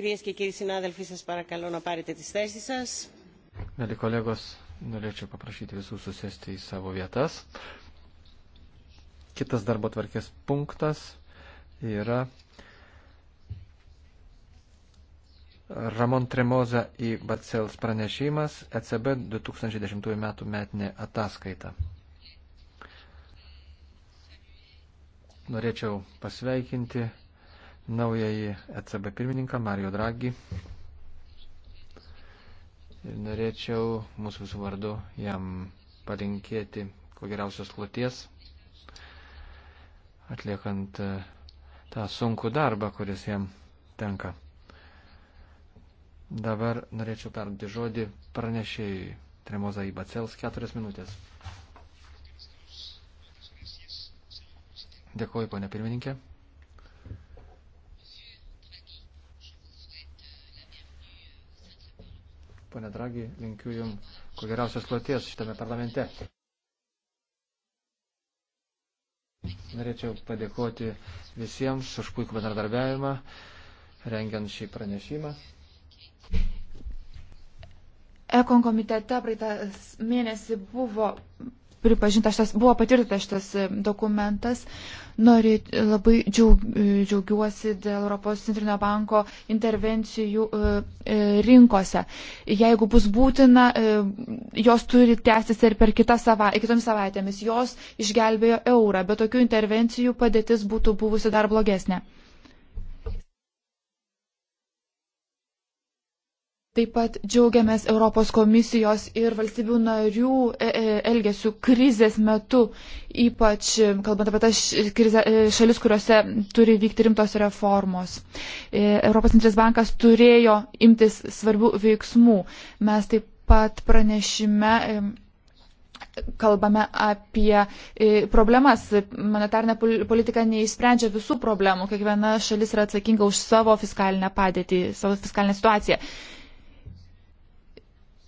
Κυρίες και κύριοι συνάδελφοι, σας παρακαλώ να πάρετε τις θέσεις σας. Mėly kolegos, norėčiau paprašyti visų susėsti į savo vietas. Kitas darbo tvarkės punktas yra Ramon Tremoza į Batsels pranešimas ECB 2010 m. metinė ataskaita. Norėčiau pasveikinti naująjį ECB pirmininką Mario Draghi. Ir norėčiau mūsų visų vardu jam palinkėti kuo geriausios kloties, atliekant e, tą sunkų darbą, kuris jam tenka. Dabar norėčiau perduoti žodį pranešėjui Tremoza Ibacels keturias minutės. Dėkuoju, ponė pirmininkė. Pone Dragi, linkiu Jums kuo geriausios kloties šitame parlamente. Norėčiau padėkoti visiems už puikų bendradarbiavimą, rengiant šį pranešimą. Ekon komitete praeitą mėnesį buvo pripažintas šitas, buvo patirtas šitas e, dokumentas. Nori, e, labai džiaug, e, džiaugiuosi dėl Europos centrinio banko intervencijų rinkose. Jeigu bus būtina, jos turi tęstis ir per kitą savaitę, kitomis savaitėmis. Jos išgelbėjo eurą, bet tokių intervencijų padėtis būtų buvusi dar blogesnė. Taip pat džiaugiamės Europos komisijos ir valstybių narių e, e, elgesių krizės metu, ypač e, kalbant apie tas šalis, kuriuose turi vykti rimtos reformos. Europos centrinis bankas turėjo imtis svarbių veiksmų. Mes taip pat pranešime. Kalbame apie problemas. Monetarinė politika neįsprendžia visų problemų. Kiekviena šalis yra atsakinga už savo fiskalinę padėtį, savo fiskalinę situaciją.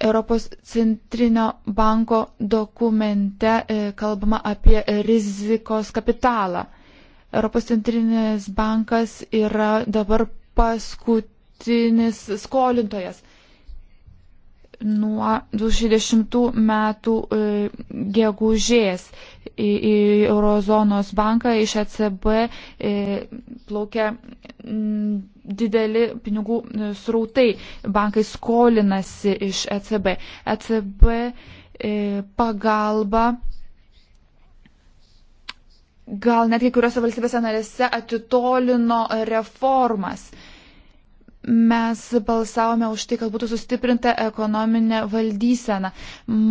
Europos centrinio banko dokumente e, kalbama apie rizikos kapitalą. Europos centrinis bankas yra dabar paskutinis skolintojas. Nuo 2010 metų e, gegužės į, į Eurozonos banką iš ECB e, plaukia dideli pinigų e, srautai. Bankai skolinasi iš ECB. ECB e, pagalba gal net kai kuriuose valstybėse narėse atitolino reformas mes balsavome už tai, kad būtų sustiprinta ekonominė valdysena.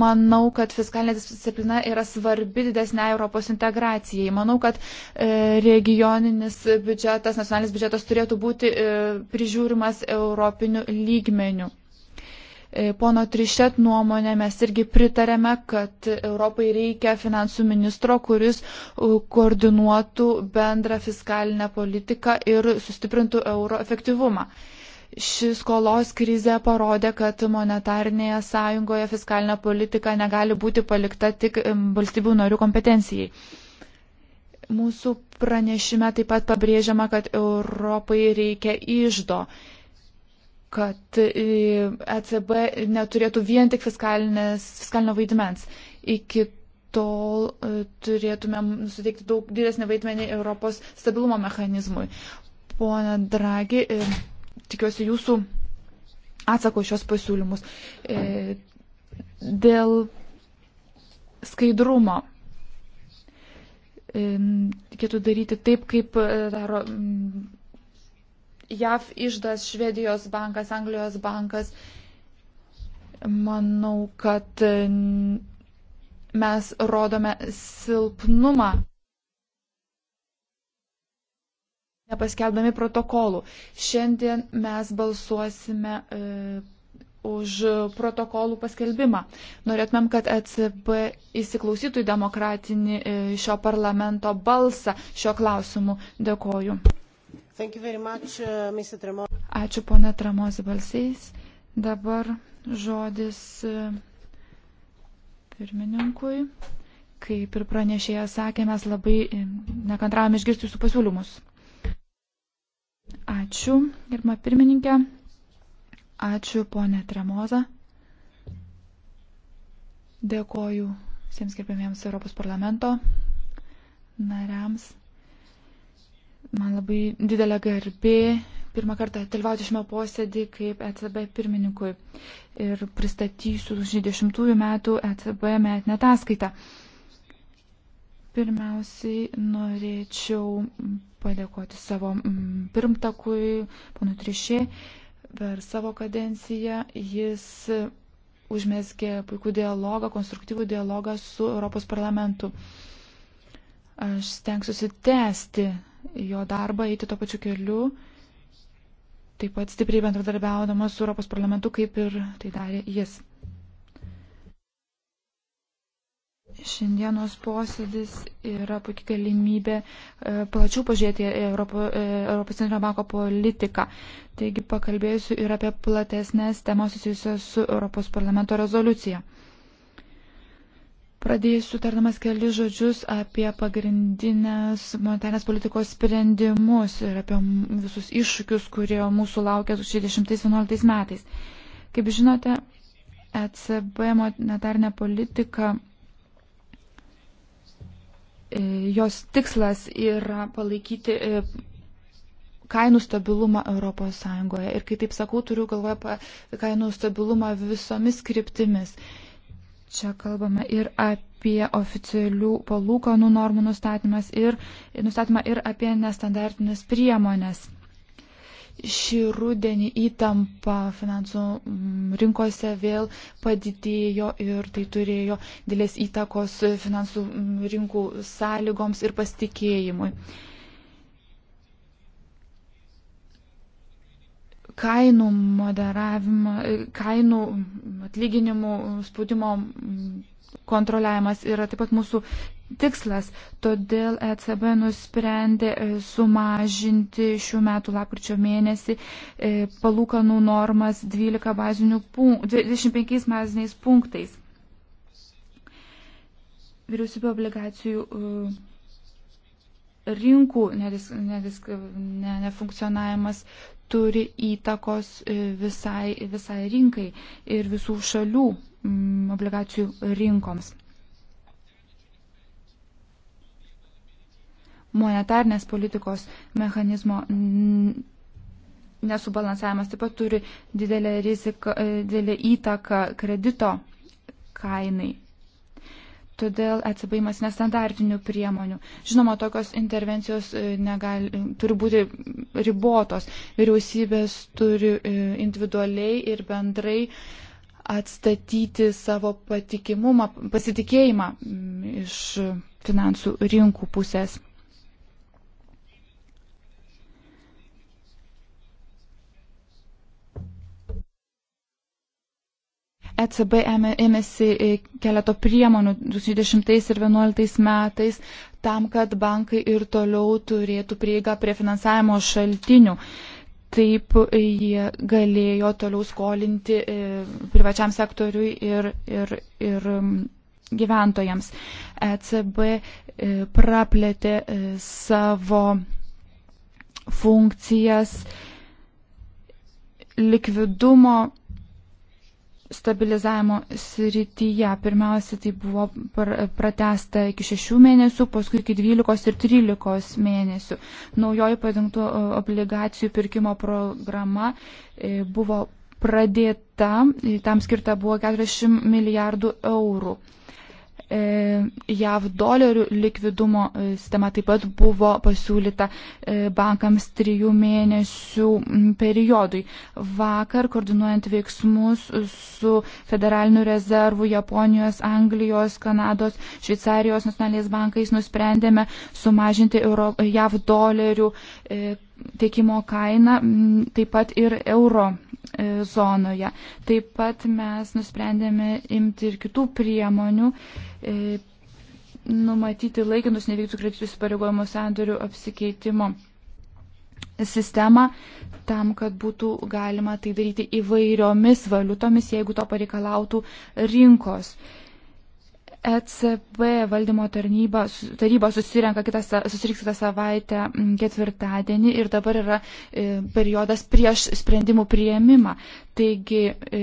Manau, kad fiskalinė disciplina yra svarbi didesnė Europos integracijai. Manau, kad e, regioninis biudžetas, nacionalinis biudžetas turėtų būti e, prižiūrimas europiniu lygmeniu. E, pono Trišet nuomonė mes irgi pritarėme, kad Europai reikia finansų ministro, kuris koordinuotų bendrą fiskalinę politiką ir sustiprintų euro efektyvumą ši skolos krizė parodė, kad monetarnėje sąjungoje fiskalinė politika negali būti palikta tik valstybių norių kompetencijai. Mūsų pranešime taip pat pabrėžiama, kad Europai reikia išdo, kad ECB e neturėtų vien tik fiskalinio vaidmens. Iki tol e, turėtumėm suteikti daug didesnį vaidmenį Europos stabilumo mechanizmui. Pone Dragi. Ir e, tikiuosi jūsų atsako šios pasiūlymus. E, dėl skaidrumo e, reikėtų daryti taip, kaip e, daro mm, JAV išdas, Švedijos bankas, Anglijos bankas. Manau, kad mes rodome silpnumą. nepaskelbdami protokolų. Šiandien mes balsuosime e, už protokolų paskelbimą. Norėtumėm, kad ECB įsiklausytų į demokratinį e, šio parlamento balsą šio klausimu. Dėkoju. Much, uh, Ačiū, ponė Tramosi balsiais. Dabar žodis e, pirmininkui. Kaip ir pranešėjas sakė, mes labai e, nekantravome išgirsti jūsų pasiūlymus. Ačiū, gerbama pirmininkė. Ačiū, ponė Tremoza. Dėkoju visiems gerbėmiems Europos parlamento nariams. Man labai didelė garbė pirmą kartą dalyvauti šiame posėdį kaip ECB pirmininkui ir pristatysiu 2010 metų ECB metinę ataskaitą. Pirmiausiai norėčiau padėkoti savo mm, pirmtakui, panu Trišė, per savo kadenciją. Jis užmėskė puikų dialogą, konstruktyvų dialogą su Europos parlamentu. Aš stengsiuosi tęsti jo darbą, eiti to pačiu keliu, taip pat stipriai bendradarbiaudama su Europos parlamentu, kaip ir tai darė jis. Šiandienos posėdis yra puikia galimybė e, plačiau pažiūrėti Europo, e, Europos Centrinio banko politiką. Taigi pakalbėsiu ir apie platesnės temos susijusios su Europos parlamento rezoliucija. Pradėsiu tardamas keli žodžius apie pagrindinės monetarės politikos sprendimus ir apie visus iššūkius, kurie mūsų laukia 2011 metais. Kaip žinote, ECB monetarinė politika E, jos tikslas yra palaikyti e, kainų stabilumą ES. Ir kai taip sakau, turiu galvoje kainų stabilumą visomis kryptimis. Čia kalbame ir apie oficialių palūkanų normų nustatymas ir, nustatymą ir apie nestandartinės priemonės šį rudenį įtampa finansų mm, rinkose vėl padidėjo ir tai turėjo dėlės įtakos finansų mm, rinkų sąlygoms ir pasitikėjimui. Kainų moderavimą, kainų mm, atlyginimų spaudimo kontroliavimas yra taip pat mūsų tikslas. Todėl ECB nusprendė e, sumažinti šių metų lapkričio mėnesį e, palūkanų normas 12 bazinių punk 25 baziniais punktais. Vyriausybė obligacijų e, rinkų nedisk, nedisk, ne, nefunkcionavimas turi įtakos visai, visai rinkai ir visų šalių obligacijų rinkoms. monetarnės politikos mechanizmo nesubalansavimas taip pat turi didelę, riziką, e, didelę įtaką kredito kainai. Todėl atsibaimas e nestandartinių priemonių. Žinoma, tokios intervencijos e, negali, turi būti ribotos. Vyriausybės turi individualiai ir bendrai atstatyti savo patikimumą, pasitikėjimą iš finansų rinkų pusės. ECB ėmėsi e, keleto priemonių 2010 ir 2011 metais tam, kad bankai ir toliau turėtų prieigą prie finansavimo šaltinių. Taip e, jie galėjo toliau skolinti e, privačiam sektoriui ir, ir, ir gyventojams. ECB praplėtė savo funkcijas likvidumo stabilizavimo srityje. Pirmiausia, tai buvo pratesta iki 6 mėnesių, paskui iki 12 ir 13 mėnesių. Naujoji padengtų obligacijų pirkimo programa e, buvo pradėta, tam skirta buvo 40 milijardų eurų. E, JAV dolerių likvidumo e, sistema taip pat buvo pasiūlyta e, bankams trijų mėnesių periodui. Vakar, koordinuojant veiksmus su Federaliniu rezervu Japonijos, Anglijos, Kanados, Šveicarijos nacionaliniais bankais, nusprendėme sumažinti Euro, JAV dolerių tiekimo kaina, taip pat ir euro e, zonoje. Taip pat mes nusprendėme imti ir kitų priemonių, e, numatyti laikinus nevyktų kreditų įsipareigojimų sandorių apsikeitimo sistemą tam, kad būtų galima tai daryti įvairiomis valiutomis, jeigu to pareikalautų rinkos. E, ECB valdymo tarnyba, taryba susirenka kitą, susirinks kitą savaitę ketvirtadienį ir dabar yra e, periodas prieš sprendimų prieimimą. Taigi e,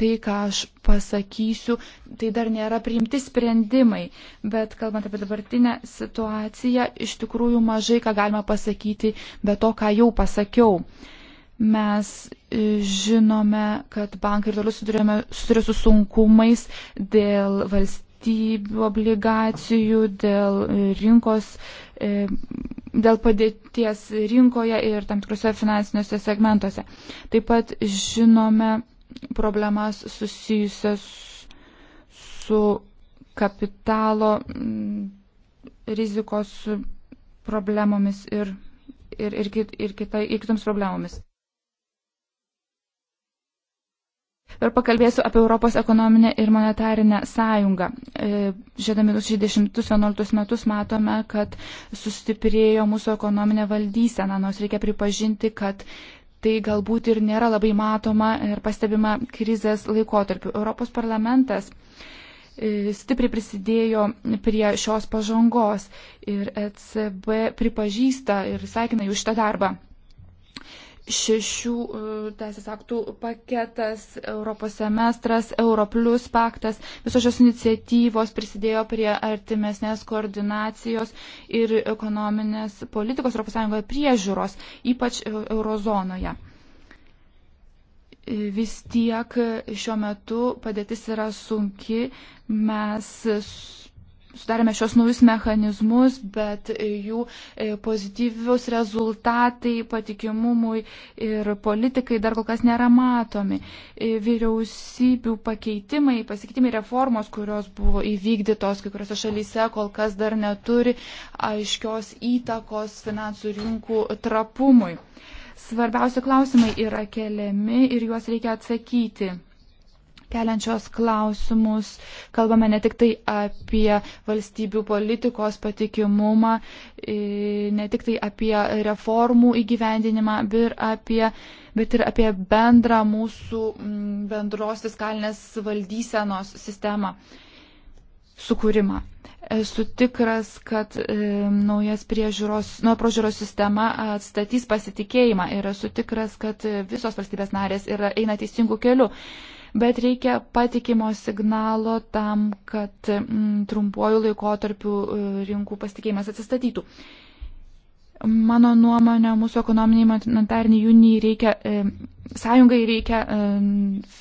tai, ką aš pasakysiu, tai dar nėra priimti sprendimai, bet kalbant apie dabartinę situaciją, iš tikrųjų mažai ką galima pasakyti be to, ką jau pasakiau mes e, žinome, kad bankai ir toliau susiduria su sunkumais dėl valstybės valstybių obligacijų, dėl rinkos, e, dėl padėties rinkoje ir tam tikrose finansiniuose segmentuose. Taip pat žinome problemas susijusias su kapitalo mm, rizikos problemomis ir, ir, ir, kit, ir, kita, ir kitoms problemomis. Ir pakalbėsiu apie Europos ekonominę ir monetarinę sąjungą. E, žiūrėdami 2010-2011 metus matome, kad sustiprėjo mūsų ekonominė valdysena, nors reikia pripažinti, kad tai galbūt ir nėra labai matoma ir pastebima krizės laikotarpiu. Europos parlamentas e, stipriai prisidėjo prie šios pažangos ir ECB pripažįsta ir sveikina jų šitą darbą šešių e, teisės aktų paketas, Europos semestras, Europlus paktas, visos šios iniciatyvos prisidėjo prie artimesnės koordinacijos ir ekonominės politikos ES priežiūros, ypač e, eurozonoje. E, vis tiek šiuo metu padėtis yra sunki, mes sudarėme šios naujus mechanizmus, bet jų e, pozityvius rezultatai patikimumui ir politikai dar kol kas nėra matomi. E, vyriausybių pakeitimai, pasikeitimai reformos, kurios buvo įvykdytos kai kuriuose šalyse, kol kas dar neturi aiškios įtakos finansų rinkų trapumui. Svarbiausi klausimai yra keliami ir juos reikia atsakyti keliančios klausimus. Kalbame ne tik tai apie valstybių politikos patikimumą, ne tik tai apie reformų įgyvendinimą, bet, apie, bet ir apie bendrą mūsų bendros fiskalinės valdysenos sistemą sukūrimą. Esu tikras, kad e, naujas priežiūros, nuo prožiūros sistema atstatys pasitikėjimą ir esu tikras, kad visos valstybės narės yra, eina teisingų kelių. E, bet reikia patikimo signalo tam, kad mm, trumpuoju laikotarpiu e, rinkų pasitikėjimas atsistatytų. Mano nuomonė, mūsų ekonominiai monetariniai junijai reikia, e, sąjungai reikia e,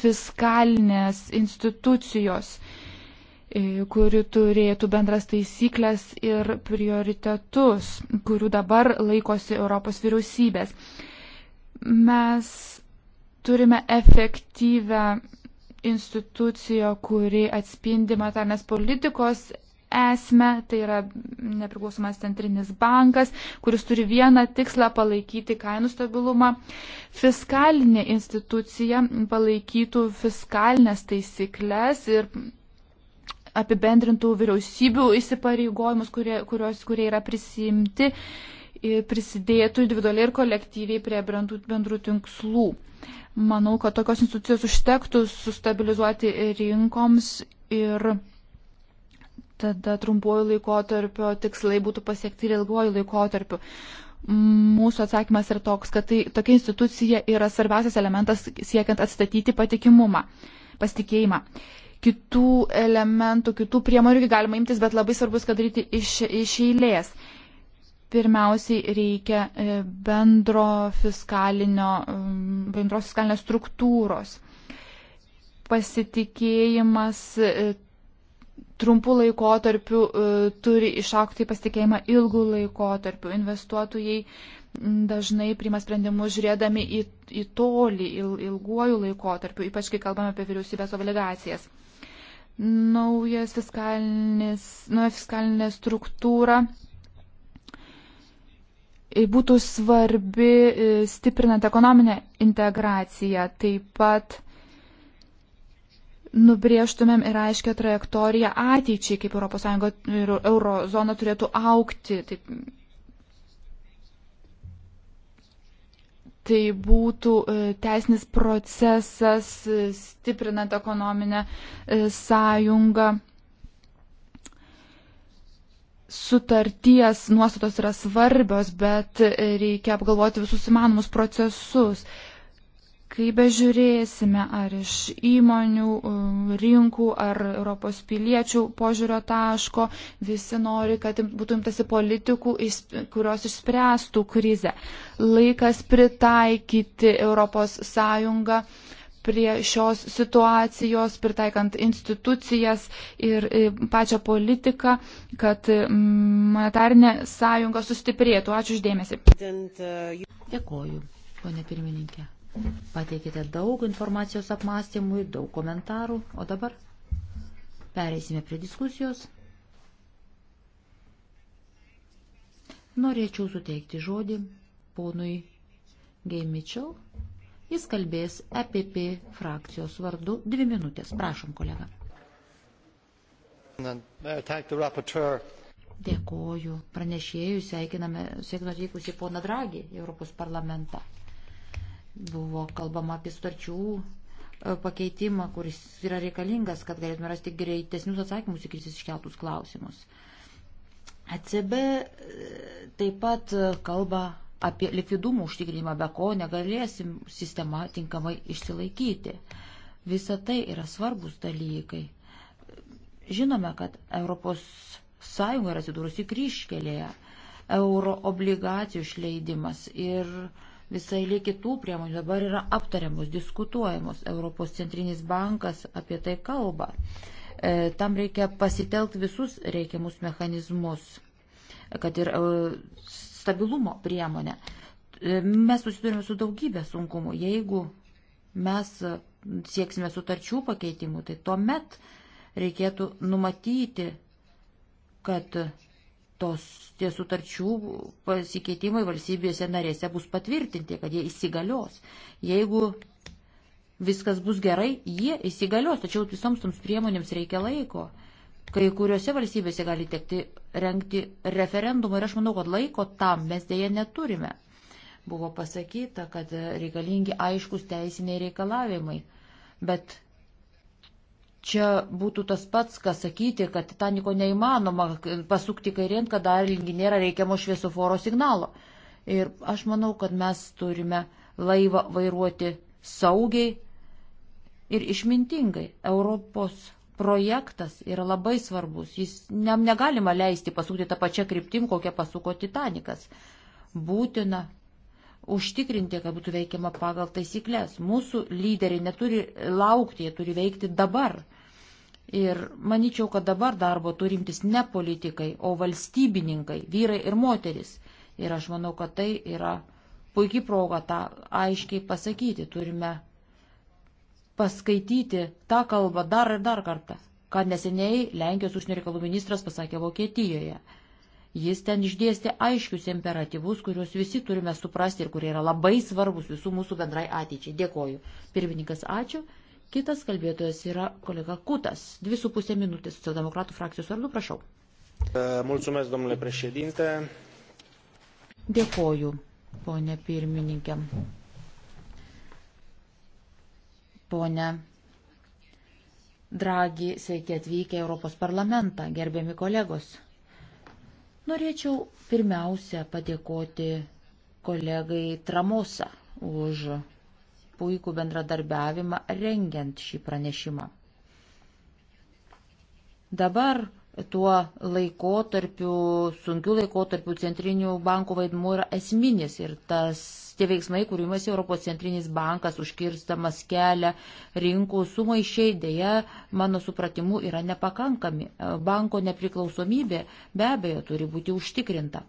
fiskalinės institucijos, e, kuri turėtų bendras taisyklės ir prioritetus, kurių dabar laikosi Europos vyriausybės. Mes turime efektyvę institucija, kuri atspindi matarnės politikos esmę, tai yra nepriklausomas centrinis bankas, kuris turi vieną tikslą palaikyti kainų stabilumą. Fiskalinė institucija palaikytų fiskalinės taisyklės ir apibendrintų vyriausybių įsipareigojimus, kurie, kurios, kurie yra prisimti prisidėtų individualiai ir kolektyviai prie bendrų tinkslų. Manau, kad tokios institucijos užtektų sustabilizuoti rinkoms ir tada trumpuoju laikotarpiu tikslai būtų pasiekti ir ilguoju laikotarpiu. Mūsų atsakymas yra toks, kad tai, tokia institucija yra svarbiausias elementas siekiant atstatyti patikimumą, pasitikėjimą. Kitų elementų, kitų priemonių galima imtis, bet labai svarbus, kad daryti iš, iš eilės pirmiausiai reikia e, bendro fiskalinio, bendros fiskalinės struktūros. Pasitikėjimas e, trumpų laikotarpių e, turi išaukti pasitikėjimą ilgų laikotarpių. Investuotojai dažnai priima sprendimus žiūrėdami į, į tolį, il, ilguoju laikotarpiu, ypač kai kalbame apie vyriausybės obligacijas. Naujas fiskalinis, nauja fiskalinė struktūra E, būtų svarbi e, stiprinant ekonominę integraciją, taip pat nubrėžtumėm ir aiškę trajektoriją ateičiai, kaip ES ir eurozona turėtų aukti. Taip, tai būtų e, teisnis procesas stiprinant ekonominę sąjungą sutarties nuostatos yra svarbios, bet reikia apgalvoti visus įmanomus procesus. Kaip bežiūrėsime, ar iš įmonių, um, rinkų, ar Europos piliečių požiūrio taško, visi nori, kad būtų imtasi politikų, kurios išspręstų krizę. Laikas pritaikyti Europos Sąjungą prie šios situacijos, pritaikant institucijas ir e, pačią politiką, kad monetarinė sąjunga sustiprėtų. Ačiū uždėmesi. Dėkoju, ponė pirmininkė. Pateikite daug informacijos apmąstymui, daug komentarų, o dabar pereisime prie diskusijos. Norėčiau suteikti žodį ponui Geimičiau Jis kalbės EPP frakcijos vardu. Dvi minutės. Prašom, kolega. Dėkoju. Pranešėjų sveikiname, sveikinu atvykusi poną Dragį į Europos parlamentą. Buvo kalbama apie sutarčių e, pakeitimą, kuris yra reikalingas, kad galėtume rasti greitesnius atsakymus į krisis iškeltus klausimus. ECB e, taip pat e, kalba apie likvidumų užtikrinimą, be ko negalėsim sistema tinkamai išsilaikyti. Visa tai yra svarbus dalykai. Žinome, kad Europos Sąjunga yra atsidūrusi kryškelėje, euro obligacijų išleidimas ir visai lė kitų priemonių dabar yra aptariamos, diskutuojamos. Europos centrinis bankas apie tai kalba. E, tam reikia pasitelkti visus reikiamus mechanizmus, kad ir e, stabilumo priemonę. Mes susidurime su daugybė sunkumų. Jeigu mes sieksime sutarčių pakeitimų, tai tuomet reikėtų numatyti, kad tos tie sutarčių pasikeitimai valstybėse narėse bus patvirtinti, kad jie įsigalios. Jeigu viskas bus gerai, jie įsigalios, tačiau visoms toms priemonėms reikia laiko. Kai kuriuose valstybėse gali tekti renkti referendumą ir aš manau, kad laiko tam mes dėje neturime. Buvo pasakyta, kad reikalingi aiškus teisiniai reikalavimai, bet čia būtų tas pats, kas sakyti, kad Titaniko neįmanoma pasukti kairien, kadangi nėra reikiamo šviesoforo signalo. Ir aš manau, kad mes turime laivą vairuoti saugiai ir išmintingai. Europos projektas yra labai svarbus. Jis ne, negalima leisti pasukti tą pačią kryptim, kokią pasuko Titanikas. Būtina užtikrinti, kad būtų veikiama pagal taisyklės. Mūsų lyderiai neturi laukti, jie turi veikti dabar. Ir manyčiau, kad dabar darbo turimtis ne politikai, o valstybininkai, vyrai ir moteris. Ir aš manau, kad tai yra puikiai proga tą aiškiai pasakyti. Turime paskaityti tą kalbą dar ir dar kartą, ką neseniai Lenkijos užsienio reikalų ministras pasakė Vokietijoje. Jis ten išdėstė aiškius imperatyvus, kuriuos visi turime suprasti ir kurie yra labai svarbus visų mūsų bendrai ateičiai. Dėkoju. Pirmininkas, ačiū. Kitas kalbėtojas yra kolega Kutas. Dvi su pusė minutės socialdemokratų frakcijos vardu, prašau. E, mulțumesc, domnule președinte. Dėkoju, ponė pirmininkė. Pone Dragi, sveiki atvykę Europos parlamentą, gerbiami kolegos. Norėčiau pirmiausia padėkoti kolegai Tramosa už puikų bendradarbiavimą rengiant šį pranešimą. Dabar tuo laikotarpiu, sunkiu laikotarpiu centrinių bankų vaidmuo yra esminis ir tas tie veiksmai, kuriuomis Europos centrinis bankas užkirstamas kelią rinkų sumaišiai, dėja, mano supratimu, yra nepakankami. Banko nepriklausomybė be abejo turi būti užtikrinta.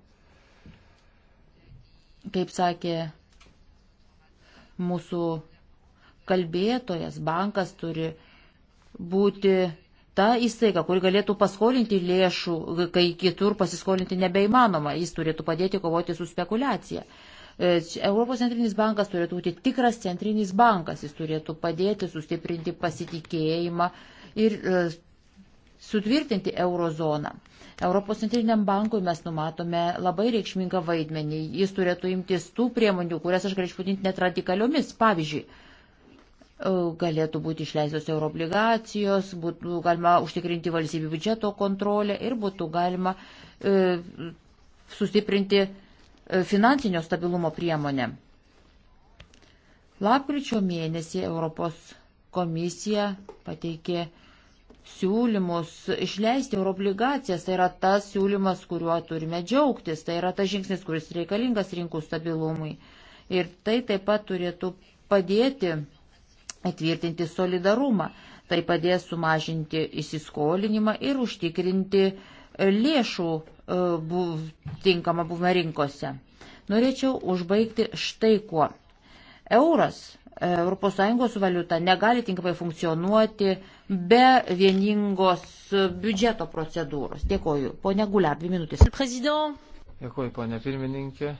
Kaip sakė mūsų kalbėtojas, bankas turi būti ta įstaiga, kuri galėtų paskolinti lėšų, kai kitur pasiskolinti nebeįmanoma, jis turėtų padėti kovoti su spekulacija. E, Europos centrinis bankas turėtų būti tikras centrinis bankas, jis turėtų padėti sustiprinti pasitikėjimą ir e, sutvirtinti eurozoną. Europos centriniam bankui mes numatome labai reikšmingą vaidmenį. Jis turėtų imtis tų priemonių, kurias aš galėčiau vadinti net radikaliomis. Pavyzdžiui, e, galėtų būti išleistos euroobligacijos, būtų galima užtikrinti valstybių biudžeto kontrolę ir būtų galima e, sustiprinti finansinio stabilumo priemonę. Lapkričio mėnesį Europos komisija pateikė siūlymus išleisti euroobligacijas. Tai yra tas siūlymas, kuriuo turime džiaugtis. Tai yra tas žingsnis, kuris reikalingas rinkų stabilumui. Ir tai taip pat turėtų padėti atvirtinti solidarumą. Tai padės sumažinti įsiskolinimą ir užtikrinti lėšų E, buv, tinkama buvimą rinkose. Norėčiau užbaigti štai kuo. Euras, ES valiuta, negali tinkamai funkcionuoti be vieningos biudžeto procedūros. Dėkoju. Pone Gulia, dvi minutės. Dėkoju, ponė pirmininkė.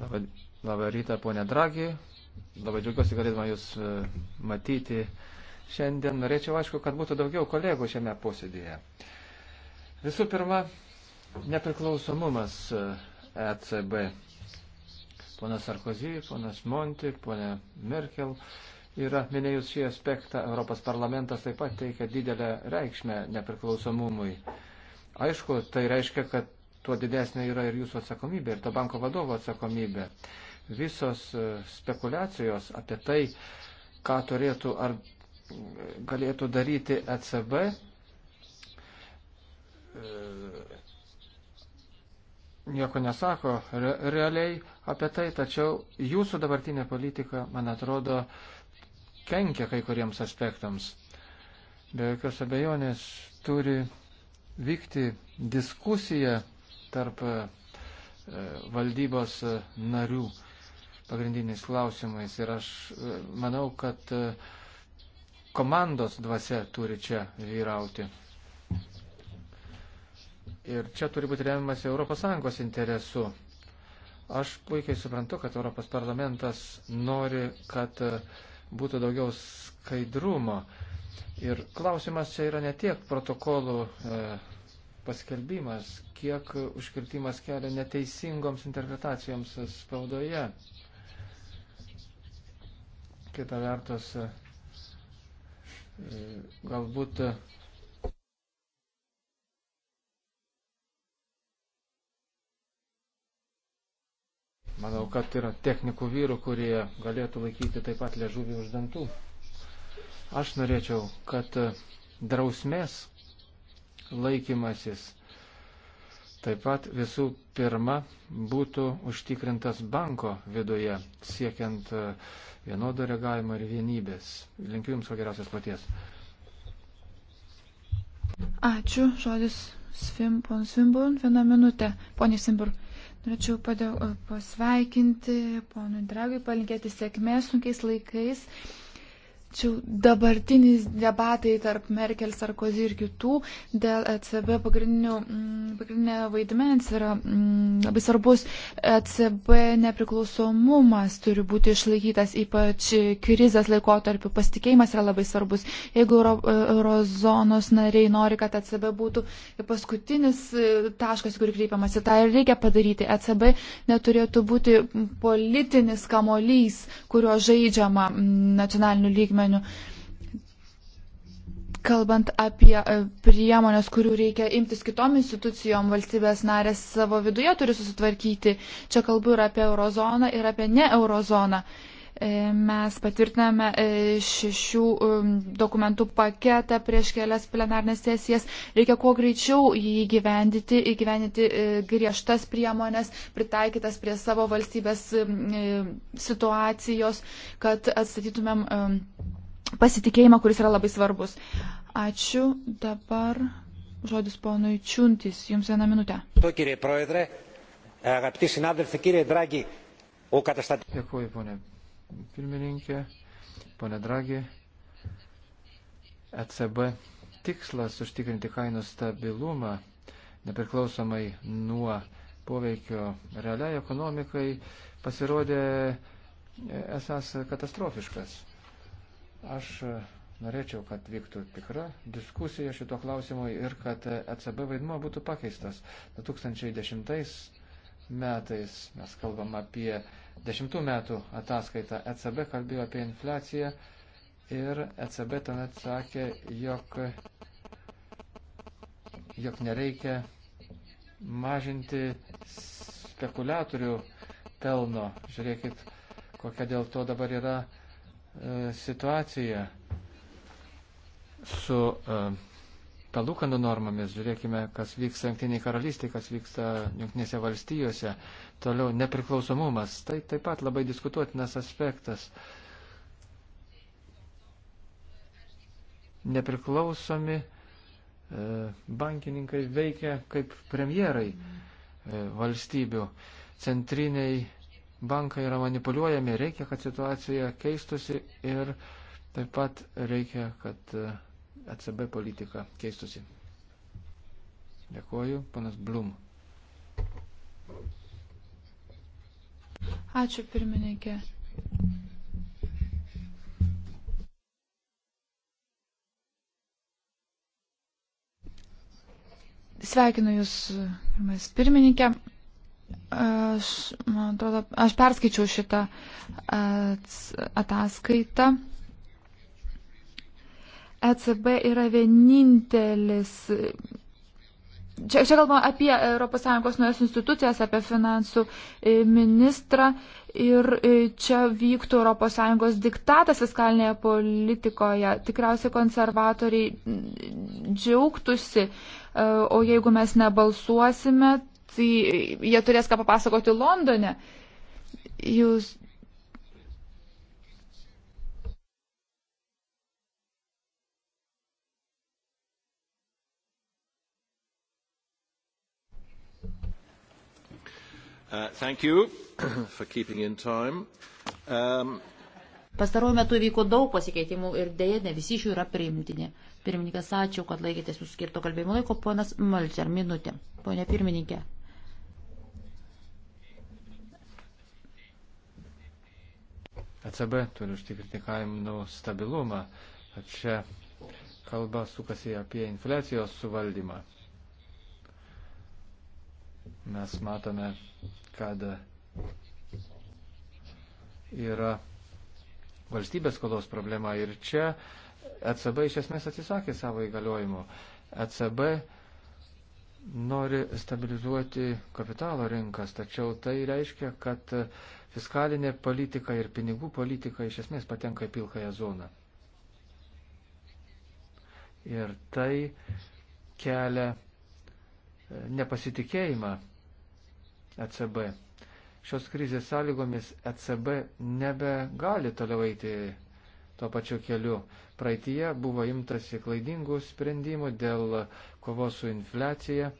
Labą, labą rytą, ponė Dragi. Labai džiaugiuosi, galėdama Jūs e, matyti šiandien. Norėčiau, aišku, kad būtų daugiau kolegų šiame posėdėje. Visų pirma, Nepriklausomumas ECB. E ponas Sarkozy, ponas Monti, ponė Merkel yra minėjus šį aspektą. Europos parlamentas taip pat teikia didelę reikšmę nepriklausomumui. Aišku, tai reiškia, kad tuo didesnė yra ir jūsų atsakomybė, ir to banko vadovo atsakomybė. Visos e, spekulacijos apie tai, ką turėtų ar galėtų daryti ECB, e, nieko nesako re, realiai apie tai, tačiau jūsų dabartinė politika, man atrodo, kenkia kai kuriems aspektams. Be jokios abejonės turi vykti diskusija tarp e, valdybos e, narių pagrindiniais klausimais. Ir aš e, manau, kad komandos dvasia turi čia vyrauti. Ir čia turi būti remiamas ES interesu. Aš puikiai suprantu, kad Europos parlamentas nori, kad e, būtų daugiau skaidrumo. Ir klausimas čia yra ne tiek protokolų e, paskelbimas, kiek užkirtimas kelia neteisingoms interpretacijoms spaudoje. Kita vertus, e, galbūt kad yra technikų vyrų, kurie galėtų laikyti taip pat lėžuvį už dantų. Aš norėčiau, kad e, drausmės laikymasis taip pat visų pirma būtų užtikrintas banko viduje, siekiant e, vienodo reagavimo ir vienybės. Linkiu Jums ko geriausios paties. Ačiū, žodis Svimbon, Svimbon, vieną minutę. Pone Simbur. Norėčiau pasveikinti ponui Dragai, palinkėti sėkmės sunkiais laikais. Čia dabartinis debatai tarp Merkel, Sarkozy ir kitų dėl ECB pagrindinio mm, vaidmens yra mm, labai svarbus. ECB nepriklausomumas turi būti išlaikytas, ypač krizės laikotarpiu. Pasitikėjimas yra labai svarbus. Jeigu Euro, e, eurozonos nariai nori, kad ECB būtų paskutinis e, taškas, kur kreipiamasi, tą ir reikia padaryti. ECB neturėtų būti politinis kamolys, kurio žaidžiama mm, nacionaliniu lygmeniu lygmenių. Kalbant apie e, priemonės, kurių reikia imtis kitom institucijom, valstybės narės savo viduje turi susitvarkyti. Čia kalbu ir apie eurozoną, ir apie ne eurozoną. E, mes patvirtiname e, šešių um, dokumentų paketą prieš kelias plenarnės sesijas. Reikia kuo greičiau jį įgyvendyti, įgyvendyti griežtas priemonės, pritaikytas prie savo valstybės situacijos, kad atstatytumėm um, pasitikėjimą, kuris yra labai svarbus. Ačiū. Dabar žodis ponui Čiuntis. Jums vieną minutę. Dėkuoju, ponė pirmininkė, ponė Dragi. ECB tikslas užtikrinti kainų stabilumą, nepriklausomai nuo poveikio realiai ekonomikai, pasirodė esas katastrofiškas. Aš e, norėčiau, kad vyktų tikra diskusija šito klausimu ir kad ECB e vaidmuo būtų pakeistas. 2010 metais mes kalbam apie 10 metų ataskaitą. ECB kalbėjo apie infliaciją ir ECB tuomet sakė, jog, jog nereikia mažinti spekuliatorių pelno. Žiūrėkit, kokia dėl to dabar yra E, situacija su e, palūkanų normomis, žiūrėkime, kas vyksta Junktiniai karalystė, kas vyksta Junktinėse valstijose, toliau nepriklausomumas, tai taip pat labai diskutuotinas aspektas. Nepriklausomi e, bankininkai veikia kaip premjerai e, valstybių. Centriniai bankai yra manipuliuojami, reikia, kad situacija keistusi ir taip pat reikia, kad e, ECB politika keistusi. Dėkuoju, panas Blum. Ačiū pirmininkė. Sveikinu Jūs, pirmininkė. Aš, man atrodo, aš perskaičiau šitą e, ataskaitą. ECB yra vienintelis. Čia, čia kalbama apie ES naujas institucijas, apie finansų e, ministrą ir e, čia vyktų ES diktatas fiskalinėje politikoje. Tikriausiai konservatoriai džiaugtųsi, o jeigu mes nebalsuosime, Tai jie turės ką papasakoti Londone. Jūs Uh, thank you for keeping in time. Um, Pastaruoju metu vyko daug pasikeitimų ir dėja ne visi iš jų yra priimtini. Pirmininkas, ačiū, kad laikėtės jūsų skirto kalbėjimo laiko. Ponas Malcer, minutė. Pone pirmininkė. ECB turi užtikrinti kainų stabilumą. Tad čia kalba sukasi apie infliacijos suvaldymą. Mes matome, kad yra valstybės skolos problema ir čia ECB iš esmės atsisakė savo įgaliojimų. ECB nori stabilizuoti kapitalo rinkas, tačiau tai reiškia, kad Fiskalinė politika ir pinigų politika iš esmės patenka į pilkąją zoną. Ir tai kelia e, nepasitikėjimą ECB. Šios krizės sąlygomis ECB nebegali toliau eiti tuo pačiu keliu. Praeitie buvo imtasi klaidingų sprendimų dėl kovos su infliacija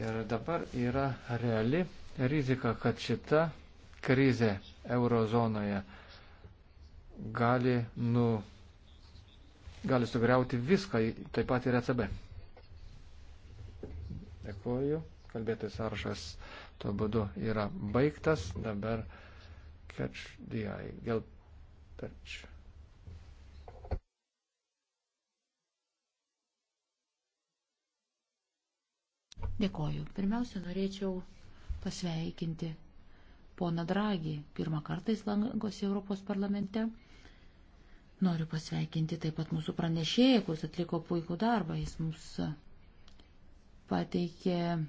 ir dabar yra reali rizika, kad šita krizė eurozonoje gali, nu, gali sugriauti viską, taip pat ir ECB. Dėkuoju. Kalbėtojų sąrašas tuo būdu yra baigtas. Dabar catch the eye. Gal perč. Dėkoju. Pirmiausia, norėčiau pasveikinti poną Dragį. Pirmą kartą jis lankosi Europos parlamente. Noriu pasveikinti taip pat mūsų pranešėją, kuris atliko puikų darbą. Jis mums e, pateikė e,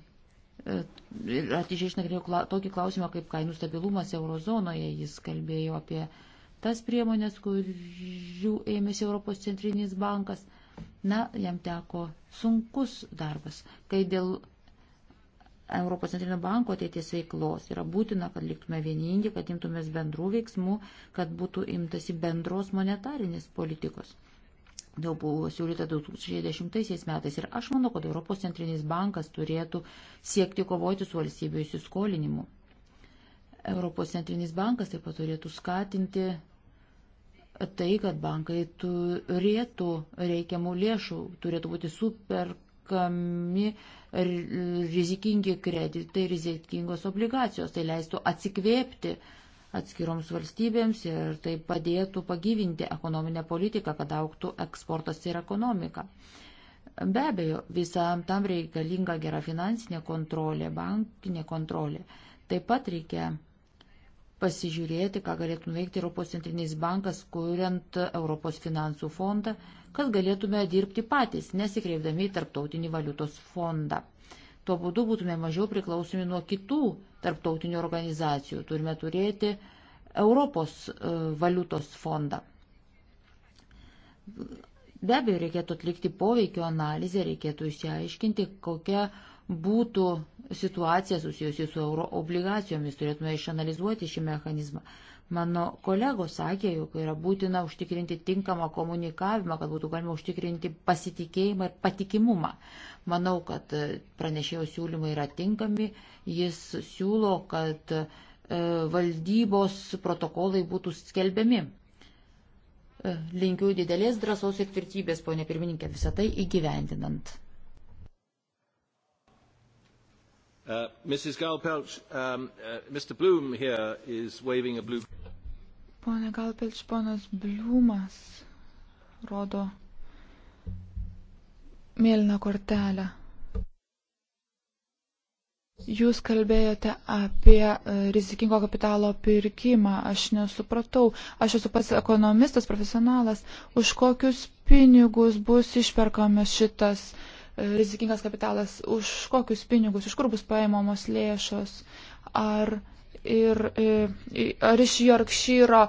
ir atižiai išnagrinėjo tokį klausimą, kaip kainų stabilumas eurozonoje. Jis kalbėjo apie tas priemonės, kurių ėmėsi Europos centrinis bankas. Na, jam teko sunkus darbas, kai dėl Europos centrinio banko ateities veiklos. Yra būtina, kad liktume vieningi, kad imtumės bendrų veiksmų, kad būtų imtasi bendros monetarinės politikos. Jau buvo siūlyta 2010 metais ir aš manau, kad Europos centrinis bankas turėtų siekti kovoti su valstybių įsiskolinimu. Europos centrinis bankas taip pat turėtų skatinti tai, kad bankai turėtų reikiamų lėšų, turėtų būti super renkami rizikingi kreditai, rizikingos obligacijos. Tai leistų atsikvėpti atskiroms valstybėms ir tai padėtų pagyvinti ekonominę politiką, kad auktų eksportas ir ekonomika. Be abejo, visam tam reikalinga gera finansinė kontrolė, bankinė kontrolė. Taip pat reikia pasižiūrėti, ką galėtų nuveikti Europos centrinis bankas, kuriant Europos finansų fondą, kad galėtume dirbti patys, nesikreipdami į Tarptautinį valiutos fondą. Tuo būdu būtume mažiau priklausomi nuo kitų tarptautinių organizacijų. Turime turėti Europos e, valiutos fondą. Be abejo, reikėtų atlikti poveikio analizę, reikėtų išsiaiškinti, kokia būtų situacija susijusi su euro obligacijomis. Turėtume išanalizuoti šį mechanizmą. Mano kolegos sakė, jog yra būtina užtikrinti tinkamą komunikavimą, kad būtų galima užtikrinti pasitikėjimą ir patikimumą. Manau, kad e, pranešėjo siūlymai yra tinkami. Jis siūlo, kad e, valdybos protokolai būtų skelbiami. E, linkiu didelės drąsos ir tvirtybės, ponė pirmininkė, visą tai įgyvendinant. Uh, Mrs. Galpelch, um, uh, Mr. Bloom here is waving a blue. Pone Galpelč, ponas Bliumas rodo mėlyną kortelę. Jūs kalbėjote apie e, rizikingo kapitalo pirkimą. Aš nesupratau. Aš esu pats ekonomistas, profesionalas. Už kokius pinigus bus išperkamas šitas e, rizikingas kapitalas? Už kokius pinigus? Iš kur bus paimamos lėšos? Ar ir e, ar iš Jorkšyro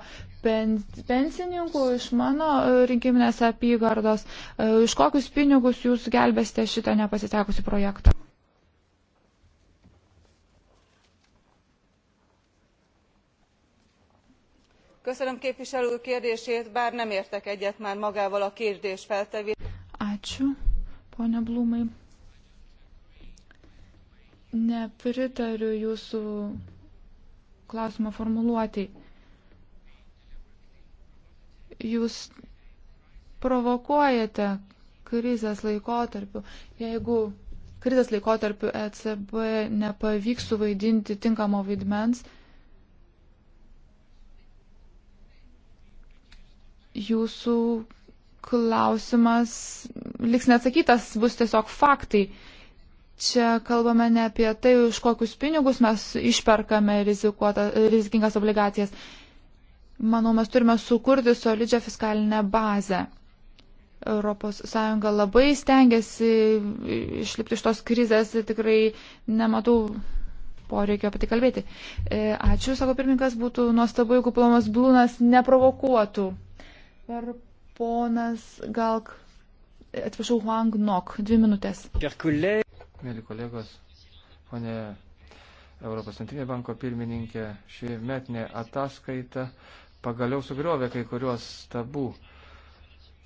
pensininkų, iš mano e, rinkiminės apygardos, e, iš kokius pinigus jūs gelbėsite šitą nepasitekusi projektą? Köszönöm képviselő úr kérdését, bár nem értek egyet már magával a kérdés feltevével. Ačiū, ponia Blumai. Nepritariu jūsų klausimo formuluotėjai. Jūs provokuojate krizės laikotarpiu. Jeigu krizės laikotarpiu ECB nepavyks suvaidinti tinkamo vaidmens, jūsų klausimas liks neatsakytas, bus tiesiog faktai čia kalbame ne apie tai, už kokius pinigus mes išperkame rizikingas obligacijas. Manau, mes turime sukurti solidžią fiskalinę bazę. ES labai stengiasi išlipti iš tos krizės ir tikrai nematau poreikio apie tai kalbėti. E, ačiū, sako pirmininkas, būtų nuostabu, jeigu plomas Blūnas neprovokuotų. Ir ponas gal, atsiprašau, Huang Nok, dvi minutės mėly kolegos, ponė Europos centrinė banko pirmininkė, ši metinė ataskaita pagaliau sugriovė kai kuriuos tabų.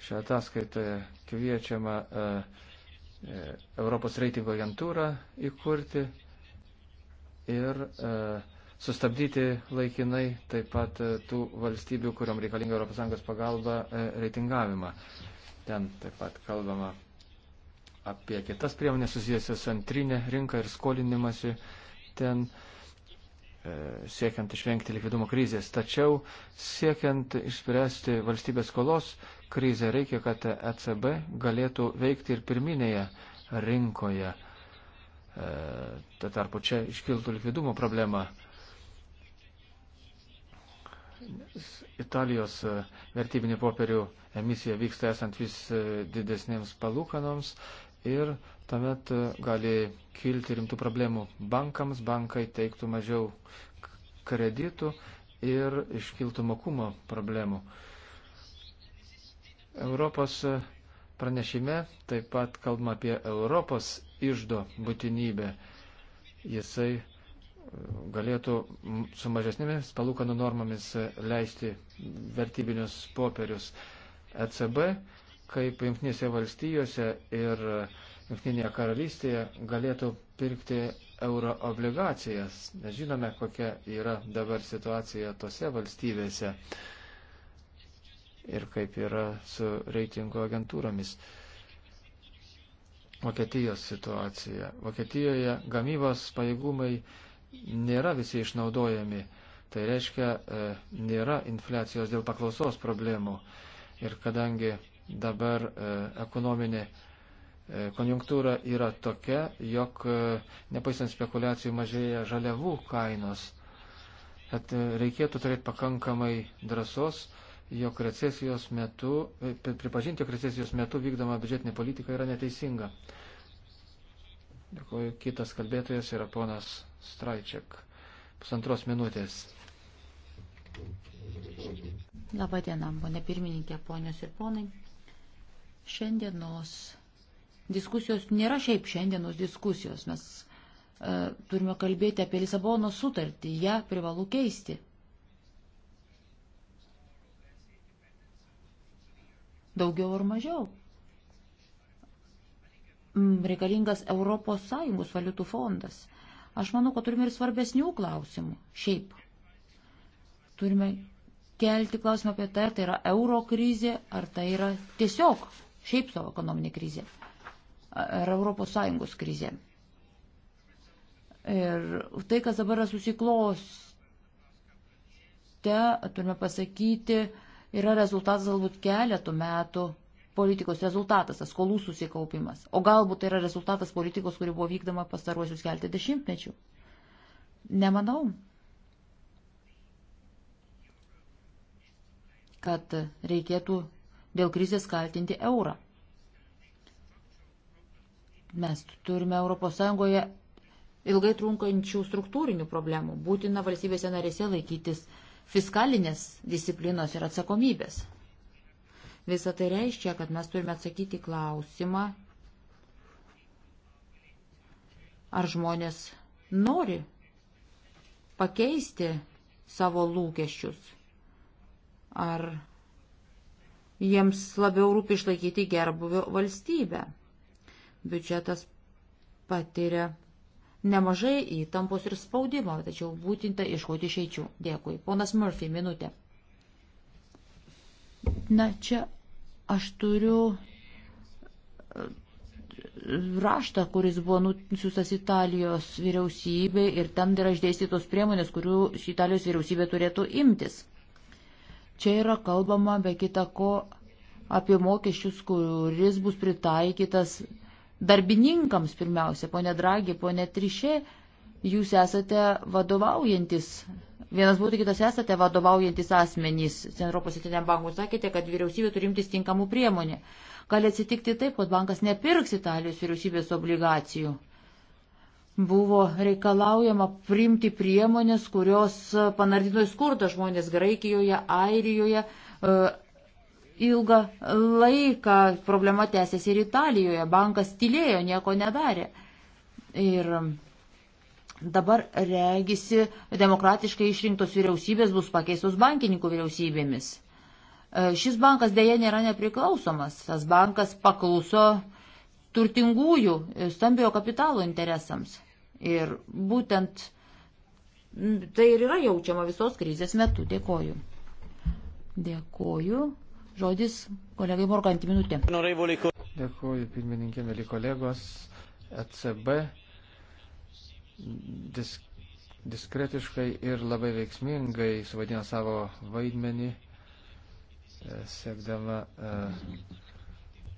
Šią ataskaitą kviečiama e, e, Europos reitingo agentūrą įkurti ir e, sustabdyti laikinai taip pat e, tų valstybių, kuriam reikalinga ES pagalba, e, reitingavimą. Ten taip pat kalbama apie kitas priemonės susijusias su antrinė rinka ir skolinimasi ten e, siekiant išvengti likvidumo krizės. Tačiau siekiant išspręsti valstybės skolos krizę reikia, kad ECB galėtų veikti ir pirminėje rinkoje. E, Tad tarpu čia iškiltų likvidumo problema. Italijos e, vertybinių popierių emisija vyksta esant vis didesnėms palūkanoms ir tuomet e, gali kilti rimtų problemų bankams, bankai teiktų mažiau kreditų ir iškiltų mokumo problemų. Europos e, pranešime taip pat kalbama apie Europos išdo būtinybę. Jisai e, galėtų su mažesnėmis palūkanų normomis leisti vertybinius popierius. ECB kaip Junktinėse valstijose ir Junktinėje karalystėje galėtų pirkti euro obligacijas. Nes žinome, kokia yra dabar situacija tose valstybėse ir kaip yra su reitingo agentūromis. Vokietijos situacija. Vokietijoje gamybos pajėgumai nėra visi išnaudojami. Tai reiškia, e, nėra infliacijos dėl paklausos problemų. Ir kadangi dabar e, ekonominė e, konjunktūra yra tokia, jog e, nepaisant spekulacijų mažėja žaliavų kainos. Tad reikėtų turėti pakankamai drąsos, jog recesijos metu, pripažinti, jog recesijos metu vykdoma biudžetinė politika yra neteisinga. Dėkuoju, kitas kalbėtojas yra ponas Straičiak. Pusantros minutės. Labadiena, ponė pirmininkė, ponios ir ponai. Šiandienos diskusijos nėra šiaip šiandienos diskusijos. Mes e, turime kalbėti apie Lisabono sutartį. Ja privalu keisti. Daugiau ar mažiau. Mm, reikalingas ES valiutų fondas. Aš manau, kad turime ir svarbesnių klausimų. Šiaip. Turime kelti klausimą apie tai, ar tai yra euro krizė, ar tai yra tiesiog šiaip savo ekonominė krizė, ar ES krizė. Ir tai, kas dabar yra susikloste, turime pasakyti, yra rezultatas galbūt keletų metų politikos rezultatas, tas skolų susikaupimas. O galbūt tai yra rezultatas politikos, kuri buvo vykdoma pastaruosius keltą dešimtmečių. Nemanau, kad reikėtų dėl krizės kaltinti eurą. Mes turime ES ilgai trunkančių struktūrinių problemų. Būtina valstybėse narėse laikytis fiskalinės disciplinos ir atsakomybės. Visą tai reiškia, kad mes turime atsakyti klausimą, ar žmonės nori pakeisti savo lūkesčius, ar jiems labiau rūpi išlaikyti gerbuvio valstybę. Biudžetas patiria nemažai įtampos ir spaudimo, tačiau būtinta iškoti išeičių. Dėkui. Ponas Murphy, minutė. Na, čia aš turiu e, raštą, kuris buvo nusiustas Italijos vyriausybei ir ten yra išdėstytos priemonės, kurių Italijos vyriausybė turėtų imtis. Čia yra kalbama be kita ko apie mokesčius, kuris bus pritaikytas darbininkams pirmiausia. Pone Dragi, pone Trišė, jūs esate vadovaujantis, vienas būtų kitas esate vadovaujantis asmenys. Europos Centriniam bankui sakėte, kad vyriausybė turi imtis tinkamų priemonė. Gali atsitikti taip, kad bankas nepirks Italijos vyriausybės obligacijų buvo reikalaujama priimti priemonės, kurios panardino į skurdą žmonės Graikijoje, Airijoje. E, ilgą laiką problema tęsiasi ir Italijoje. Bankas tylėjo, nieko nedarė. Ir dabar regisi, demokratiškai išrinktos vyriausybės bus pakeistos bankininkų vyriausybėmis. E, šis bankas dėja nėra nepriklausomas. Tas bankas pakluso turtingųjų, stambiojo kapitalo interesams. Ir būtent tai ir yra jaučiama visos krizės metu. Dėkoju. Dėkoju. Žodis kolegai Morganti minutė. Dėkoju, pirmininkė, mėly kolegos. ECB disk, diskretiškai ir labai veiksmingai suvadino savo vaidmenį, e, siekdama e,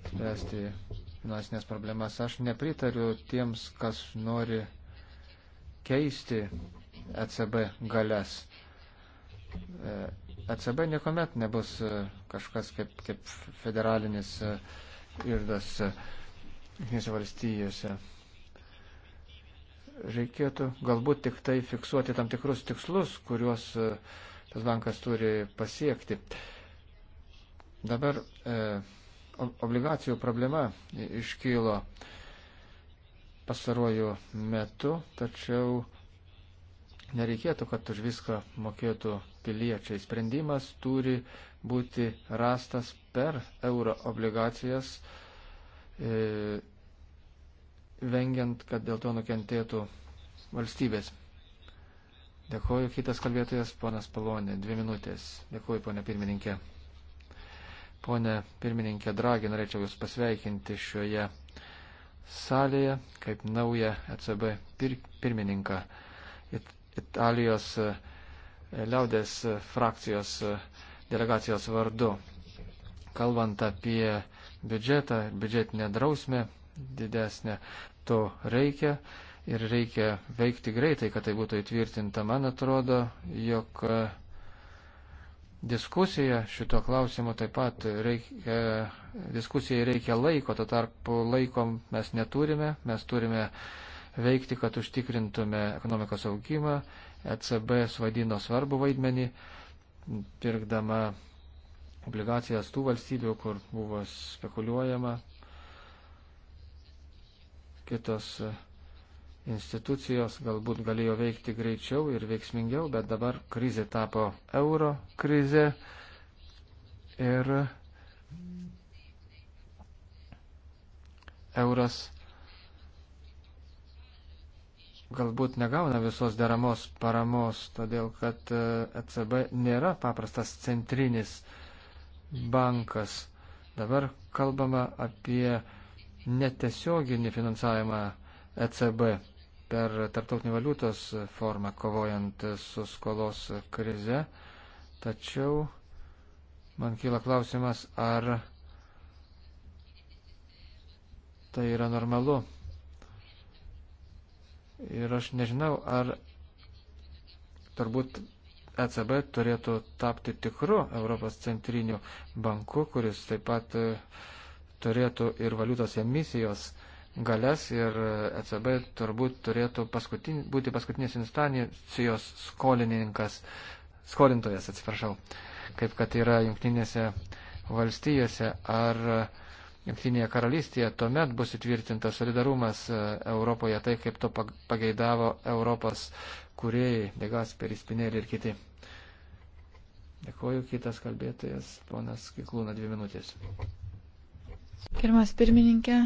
spręsti uh, finansinės problemas. Aš nepritariu tiems, kas nori keisti ECB galės. ECB e niekuomet nebus e, kažkas kaip, kaip federalinis e, irdas Junktinėse valstijose. Reikėtų galbūt tik tai fiksuoti tam tikrus tikslus, kuriuos tas bankas turi pasiekti. Dabar e, obligacijų problema iškylo. E, pastaruoju metu, tačiau nereikėtų, kad už viską mokėtų piliečiai. Sprendimas turi būti rastas per euro obligacijas, e, vengiant, kad dėl to nukentėtų valstybės. Dėkuoju, kitas kalbėtojas, ponas Palonė, dvi minutės. Dėkuoju, ponė pirmininkė. Pone pirmininkė Dragi, norėčiau Jūs pasveikinti šioje salėje kaip naują ECB pir pirmininką It Italijos e, liaudės e, frakcijos e, delegacijos vardu. Kalbant apie biudžetą, biudžetinę drausmę didesnę, to reikia ir reikia veikti greitai, kad tai būtų įtvirtinta. Man atrodo, jog diskusiją šito klausimu taip pat reikia, e, diskusijai reikia laiko, to tarpu laiko mes neturime, mes turime veikti, kad užtikrintume ekonomikos augimą, ECB svadino svarbu vaidmenį, pirkdama obligacijas tų valstybių, kur buvo spekuliuojama, kitos institucijos galbūt galėjo veikti greičiau ir veiksmingiau, bet dabar krizė tapo euro krizė ir euras galbūt negauna visos deramos paramos, todėl kad ECB e nėra paprastas centrinis bankas. Dabar kalbama apie netiesioginį finansavimą ECB per tarptautinį valiutos formą kovojant su skolos krize. Tačiau man kyla klausimas, ar tai yra normalu. Ir aš nežinau, ar turbūt ECB turėtų tapti tikru Europos centriniu banku, kuris taip pat turėtų ir valiutos emisijos galės ir ECB turbūt turėtų paskutin, būti paskutinės instancijos skolininkas, skolintojas, atsiprašau, kaip kad yra jungtinėse valstijose ar jungtinėje karalystėje, tuomet bus įtvirtintas solidarumas e, Europoje, tai kaip to pageidavo Europos kuriejai, Degas, Perispinėlė ir kiti. Dėkuoju, kitas kalbėtojas, ponas Kiklūna, dvi minutės. Kirmas pirmininkė,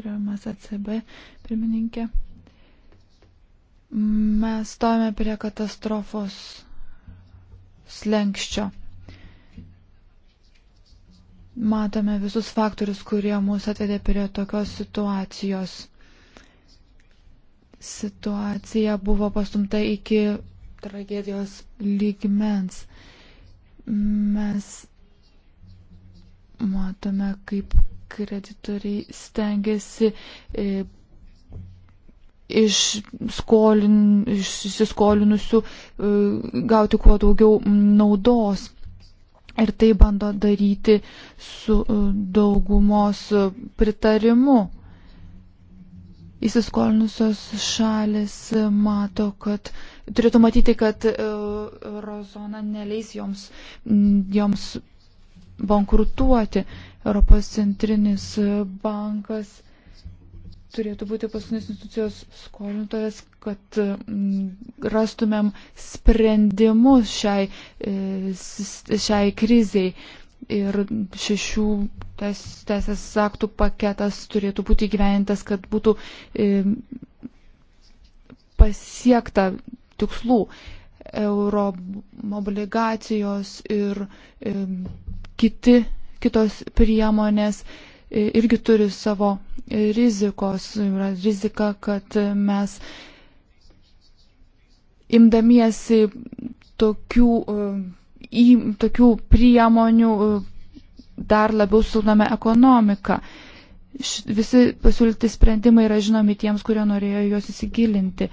gerbiamas ACB pirmininkė. Mes stojame prie katastrofos slengščio. Matome visus faktorius, kurie mūsų atvedė prie tokios situacijos. Situacija buvo pastumta iki tragedijos lygmens. Mes matome, kaip kreditoriai stengiasi e, iš skolin, išsiskolinusių e, gauti kuo daugiau naudos. Ir tai bando daryti su e, daugumos pritarimu. Įsiskolinusios šalis mato, kad turėtų matyti, kad e, eurozona neleis joms, joms bankrutuoti. Europos centrinis bankas turėtų būti paskutinės institucijos skolintojas, kad mm, rastumėm sprendimus šiai, e, šiai kriziai. Ir šešių teisės aktų paketas turėtų būti įgyvenintas, kad būtų e, pasiekta tikslų euro obligacijos ir e, kiti, kitos priemonės e, irgi turi savo rizikos. Yra rizika, kad mes imdamiesi tokių, e, į, tokių priemonių e, dar labiau sulname ekonomiką. Visi pasiūlyti sprendimai yra žinomi tiems, kurie norėjo juos įsigilinti.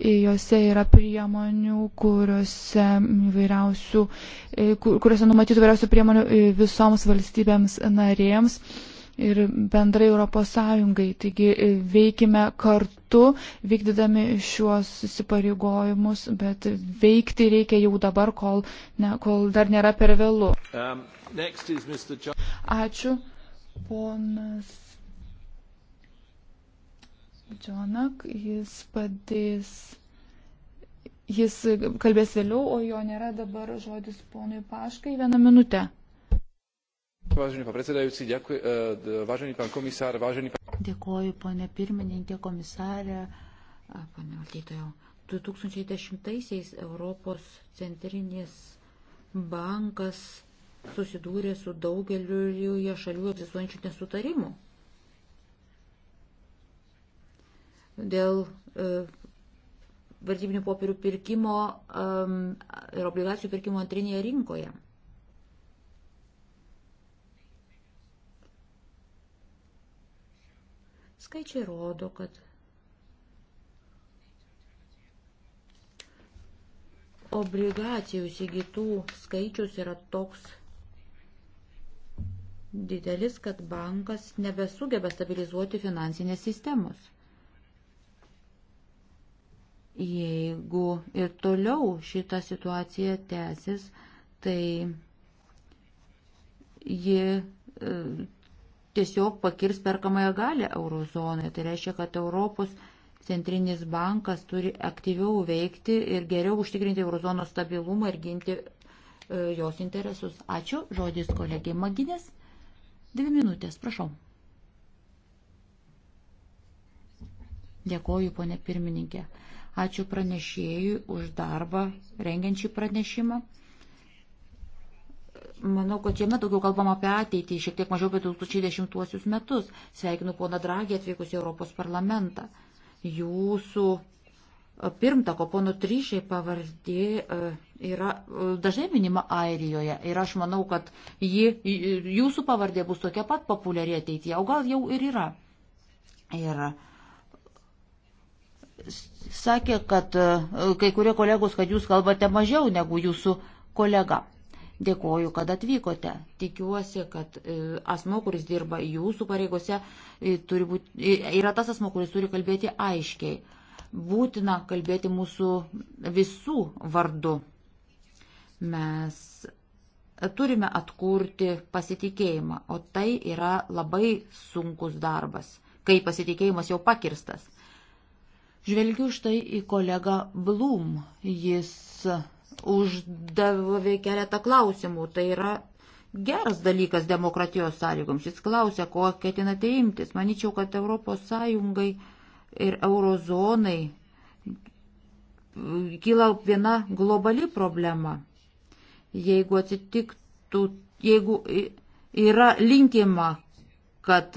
Jose yra priemonių, kuriuose, e, kur, kuriuose numatytų vairiausių priemonių e, visoms valstybėms narėms ir bendrai Europos Sąjungai. Taigi e, veikime kartu, vykdydami šiuos įsipareigojimus, bet veikti reikia jau dabar, kol, ne, kol dar nėra per vėlų. Um, Ačiū, ponas Džonak, jis padės, jis kalbės vėliau, o jo nėra dabar žodis ponui Paškai vieną minutę. Vážený pán predsedajúci, ďakuj, e, vážený pán komisár, vážený pán... Dėkoju, ponė pirmininkė, komisarė, ponė valdytojau. 2010-aisiais Europos centrinis bankas susidūrė su daugeliu šalių egzistuojančių nesutarimų dėl e, vertybinių popierių pirkimo ir obligacijų pirkimo antrinėje rinkoje. Skaičiai rodo, kad obligacijų įsigytų skaičius yra toks didelis, kad bankas nebesugeba stabilizuoti finansinės sistemos. Jeigu ir toliau šita situacija tęsis, tai ji e, tiesiog pakirs perkamąją galę eurozonoje. Tai reiškia, kad Europos centrinis bankas turi aktyviau veikti ir geriau užtikrinti eurozonos stabilumą ir ginti e, jos interesus. Ačiū. Žodis kolegė Maginės. Dvi minutės, prašau. Dėkoju, ponė pirmininkė. Ačiū pranešėjui už darbą rengiant šį pranešimą. Manau, kad jame daugiau kalbam apie ateitį, šiek tiek mažiau apie 2010 metus. Sveikinu poną Dragį atvykus į Europos parlamentą. Jūsų e, pirmtako pono Tryšiai pavardė e, yra e, dažnai minima Airijoje ir aš manau, kad ji, jūsų pavardė bus tokia pat populiari ateityje, o gal jau ir yra. Ir sakė, kad e, kai kurie kolegos, kad jūs kalbate mažiau negu jūsų kolega. Dėkoju, kad atvykote. Tikiuosi, kad e, asmo, kuris dirba jūsų pareigose, e, būti, yra tas asmo, kuris turi kalbėti aiškiai. Būtina kalbėti mūsų visų vardu. Mes turime atkurti pasitikėjimą, o tai yra labai sunkus darbas, kai pasitikėjimas jau pakirstas. Žvelgiu štai į kolegą Blum. Jis uždavė keletą klausimų. Tai yra geras dalykas demokratijos sąlygoms. Jis klausia, ko ketinate imtis. Maničiau, kad Europos Sąjungai ir eurozonai kyla viena globali problema. Jeigu atsitiktų, jeigu yra linkima, kad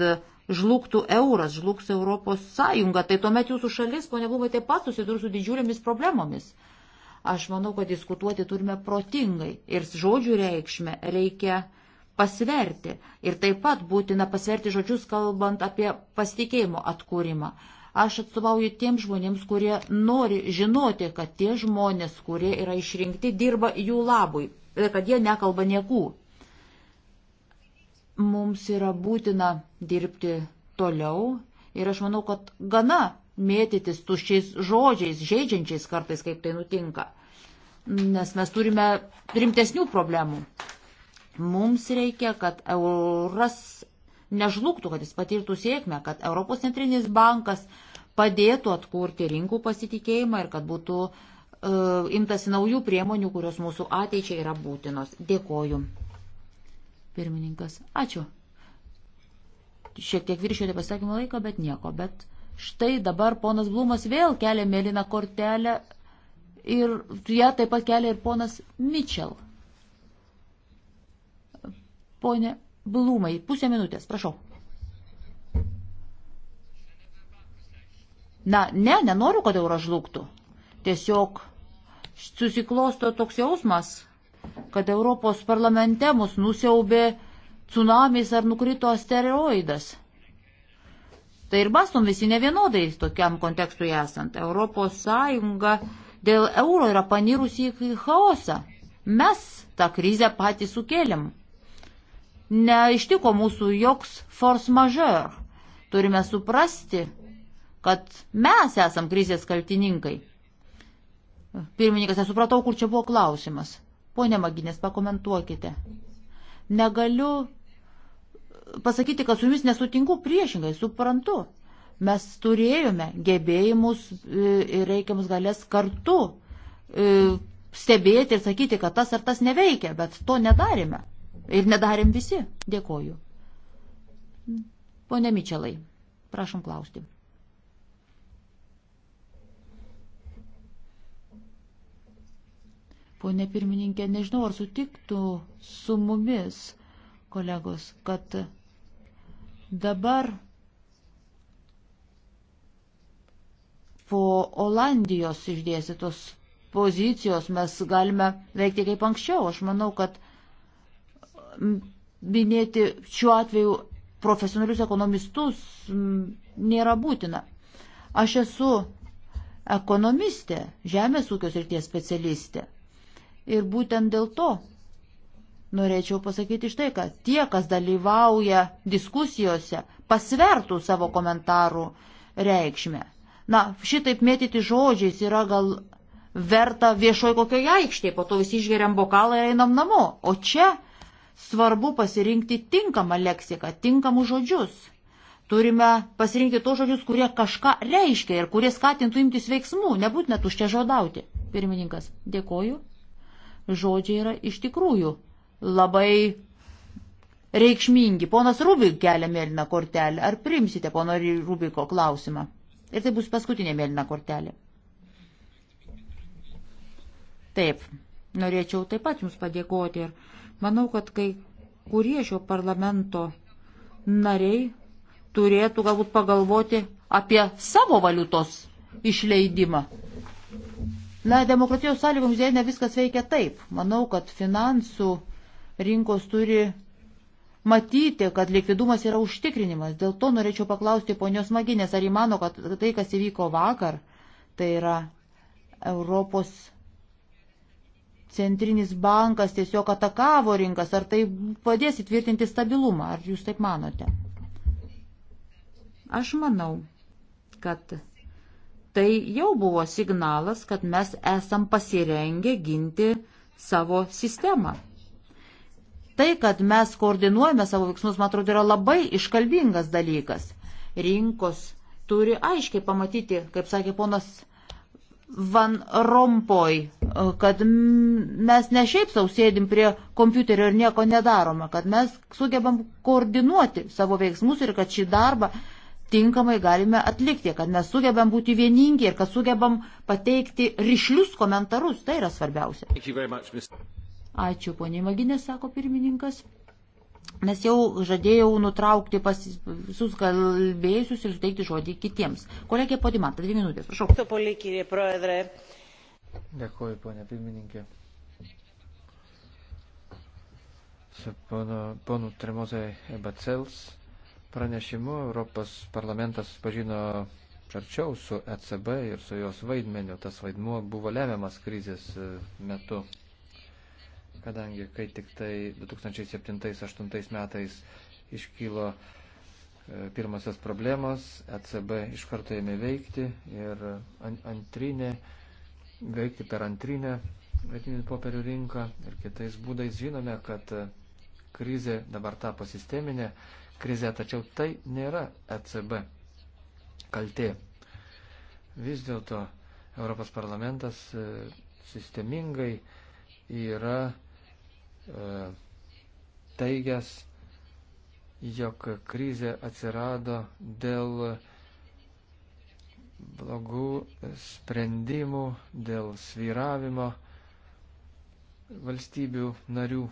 žlugtų euras, žlugs Europos sąjunga, tai tuomet jūsų šalis, ponia Blumai, taip pat susidurs su didžiulėmis problemomis. Aš manau, kad diskutuoti turime protingai ir žodžių reikšmę reikia pasverti. Ir taip pat būtina pasverti žodžius, kalbant apie pasitikėjimo atkūrimą. Aš atstovauju tiems žmonėms, kurie nori žinoti, kad tie žmonės, kurie yra išrinkti, dirba jų labui ir kad jie nekalba niekų Mums yra būtina dirbti toliau ir aš manau, kad gana mėtytis tuščiais žodžiais, žaidžiančiais kartais, kaip tai nutinka. Nes mes turime rimtesnių problemų. Mums reikia, kad euras nežlugtų, kad jis patirtų sėkmę, kad Europos centrinis bankas padėtų atkurti rinkų pasitikėjimą ir kad būtų uh, imtasi naujų priemonių, kurios mūsų ateičiai yra būtinos. Dėkoju. Pirmininkas, ačiū. Šiek tiek viršijote pasakymo laiko, bet nieko. Bet štai dabar ponas Blumas vėl kelia mėlyną kortelę ir ją taip pat kelia ir ponas Mitchell. Pone Blumai, pusę minutės, prašau. Na, ne, nenoriu, kad euro žlugtų. Tiesiog susiklosto toks jausmas, kad Europos parlamente mus nusiaubė tsunamis ar nukrito asteroidas. Tai ir bastom visi nevienodai tokiam kontekstui esant. Europos Sąjunga dėl euro yra panirusi į chaosą. Mes tą krizę patys sukėlėm. Neištiko mūsų joks force majeure. Turime suprasti, kad mes esam krizės kaltininkai. Pirmininkas, nesupratau, kur čia buvo klausimas. Pone Maginės, pakomentuokite. Negaliu pasakyti, kad su jumis nesutinku priešingai, suprantu. Mes turėjome gebėjimus e, ir reikiamus galės kartu e, stebėti ir sakyti, kad tas ar tas neveikia, bet to nedarėme. Ir nedarėm visi. Dėkoju. Pone Mičelai, prašom klausti. Pone pirmininkė, nežinau, ar sutiktų su mumis, kolegos, kad dabar po Olandijos išdėstytos pozicijos mes galime veikti kaip anksčiau. Aš manau, kad minėti šiuo atveju profesionalius ekonomistus nėra būtina. Aš esu ekonomistė, žemės ūkio srities specialistė. Ir būtent dėl to norėčiau pasakyti štai ką. Tie, kas dalyvauja diskusijose, pasvertų savo komentarų reikšmę. Na, šitaip mėtyti žodžiais yra gal verta viešoj kokioje aikštėje, po to visi išgeriam bokalą ir einam namo. O čia svarbu pasirinkti tinkamą leksiką, tinkamus žodžius. Turime pasirinkti tos žodžius, kurie kažką reiškia ir kurie skatintų imtis veiksmų, nebūtina tuščia žodauti. Pirmininkas, dėkoju žodžiai yra iš tikrųjų labai reikšmingi. Ponas Rubik kelia mėlyną kortelę. Ar primsite pono Rubiko klausimą? Ir tai bus paskutinė mėlyna kortelė. Taip, norėčiau taip pat Jums padėkoti ir manau, kad kai kurie šio parlamento nariai turėtų galbūt pagalvoti apie savo valiutos išleidimą. Na, demokratijos sąlygomis dėja ne viskas veikia taip. Manau, kad finansų rinkos turi matyti, kad likvidumas yra užtikrinimas. Dėl to norėčiau paklausti ponios Maginės, ar įmano, kad tai, kas įvyko vakar, tai yra Europos centrinis bankas tiesiog atakavo rinkas, ar tai padės įtvirtinti stabilumą, ar jūs taip manote? Aš manau, kad tai jau buvo signalas, kad mes esam pasirengę ginti savo sistemą. Tai, kad mes koordinuojame savo veiksmus, man atrodo, yra labai iškalbingas dalykas. Rinkos turi aiškiai pamatyti, kaip sakė ponas Van Rompoj, kad mes ne šiaip savo sėdim prie kompiuterio ir nieko nedarome, kad mes sugebam koordinuoti savo veiksmus ir kad šį darbą tinkamai galime atlikti, kad mes sugebam būti vieningi ir kad sugebam pateikti ryšlius komentarus. Tai yra svarbiausia. Much, Ačiū, ponė Maginė, sako pirmininkas. Nes jau žadėjau nutraukti pas visus kalbėjusius ir suteikti žodį kitiems. Kolegė Podimanta, dvi minutės, prašau. Dėkuoju, ponė pirmininkė. Su ponu, ponu Tremozai Ebacels pranešimu Europos parlamentas pažino arčiau su ECB ir su jos vaidmeniu. Tas vaidmuo buvo lemiamas krizės e, metu, kadangi kai tik tai 2007-2008 metais iškylo e, pirmasios problemos, ECB iš karto ėmė veikti ir antrinė, veikti per antrinę vertinių popierių rinką ir kitais būdais žinome, kad e, krizė dabar tapo sisteminė krize, tačiau tai nėra ECB kaltė. Vis dėlto Europos parlamentas e, sistemingai yra e, teigęs, jog krizė atsirado dėl blogų sprendimų, dėl sviravimo valstybių narių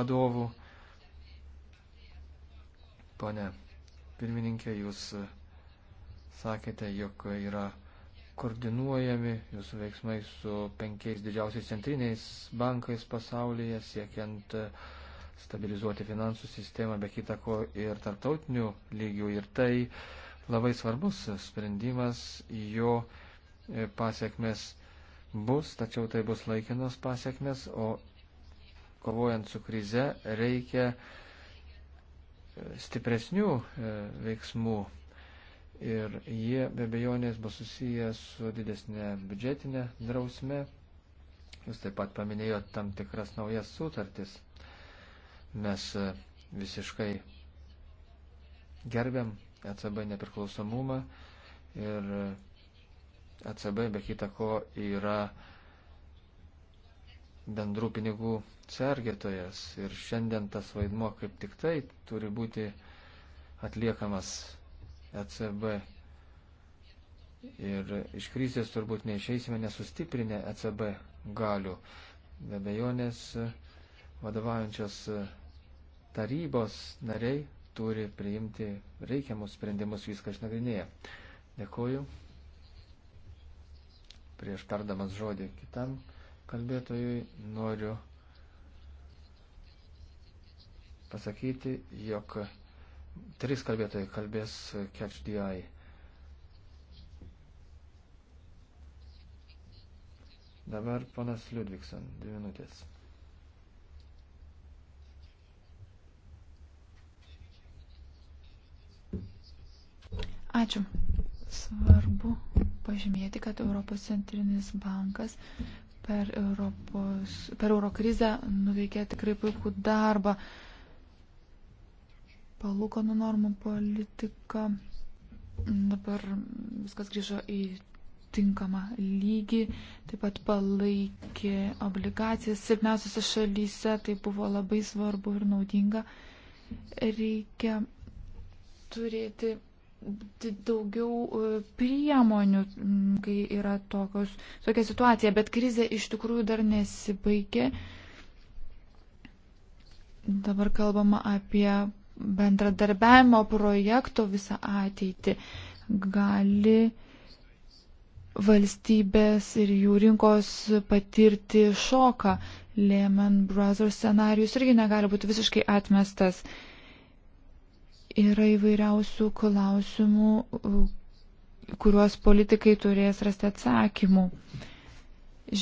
vadovų Pone pirmininkė, jūs e, sakėte, jog yra koordinuojami jūsų veiksmai su penkiais didžiausiais centriniais bankais pasaulyje, siekiant e, stabilizuoti finansų sistemą, be kita ko ir tarptautinių lygių. Ir tai labai svarbus sprendimas, jo e, pasiekmes bus, tačiau tai bus laikinos pasiekmes, o kovojant su krize reikia stipresnių e, veiksmų ir jie be bejonės bus susiję su didesnė biudžetinė drausme. Jūs taip pat paminėjote tam tikras naujas sutartis. Mes e, visiškai gerbiam ECB nepriklausomumą ir ECB e be kita ko yra uh, bendrų pinigų sergėtojas. Ir šiandien tas vaidmo kaip tik tai turi būti atliekamas ECB. Ir iš krizės turbūt neišeisime nesustiprinę ECB galių. Be bejonės vadovaujančios tarybos nariai turi priimti reikiamus sprendimus viską išnagrinėję. Dėkuoju. Prieš tardamas žodį kitam kalbėtojui noriu pasakyti, jog trys kalbėtojai kalbės Catch the Eye. Dabar ponas Liudvikson, dvi minutės. Ačiū. Svarbu pažymėti, kad Europos centrinis bankas per, Europos, per euro krizę nuveikė tikrai puikų darbą. Palūkanų normų politika. Dabar viskas grįžo į tinkamą lygį, taip pat palaikė obligacijas silpniausiose šalyse, tai buvo labai svarbu ir naudinga. Reikia turėti daugiau e, priemonių, kai yra tokios, tokia situacija, bet krizė iš tikrųjų dar nesibaigė. Dabar kalbama apie bendradarbiavimo projekto visą ateitį. Gali valstybės ir jų rinkos patirti šoką. Lehman Brothers scenarius irgi negali būti visiškai atmestas. Uh, yra įvairiausių klausimų, kuriuos politikai turės rasti atsakymų.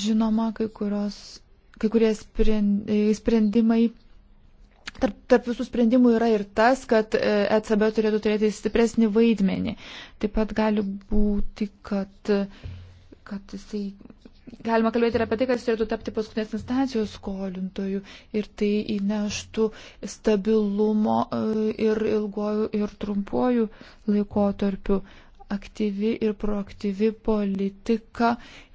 Žinoma, kai, kurios, kai kurie sprendimai Tarp, tarp visų sprendimų yra ir tas, kad ECB e turėtų turėti stipresnį vaidmenį. Taip pat gali būti, kad, kad jisai galima kalbėti ir apie tai, kad jis turėtų tapti paskutinės instancijos skolintojų ir tai įneštų stabilumo e, ir ilguoju ir trumpuoju laikotarpiu. Aktyvi ir proaktyvi politika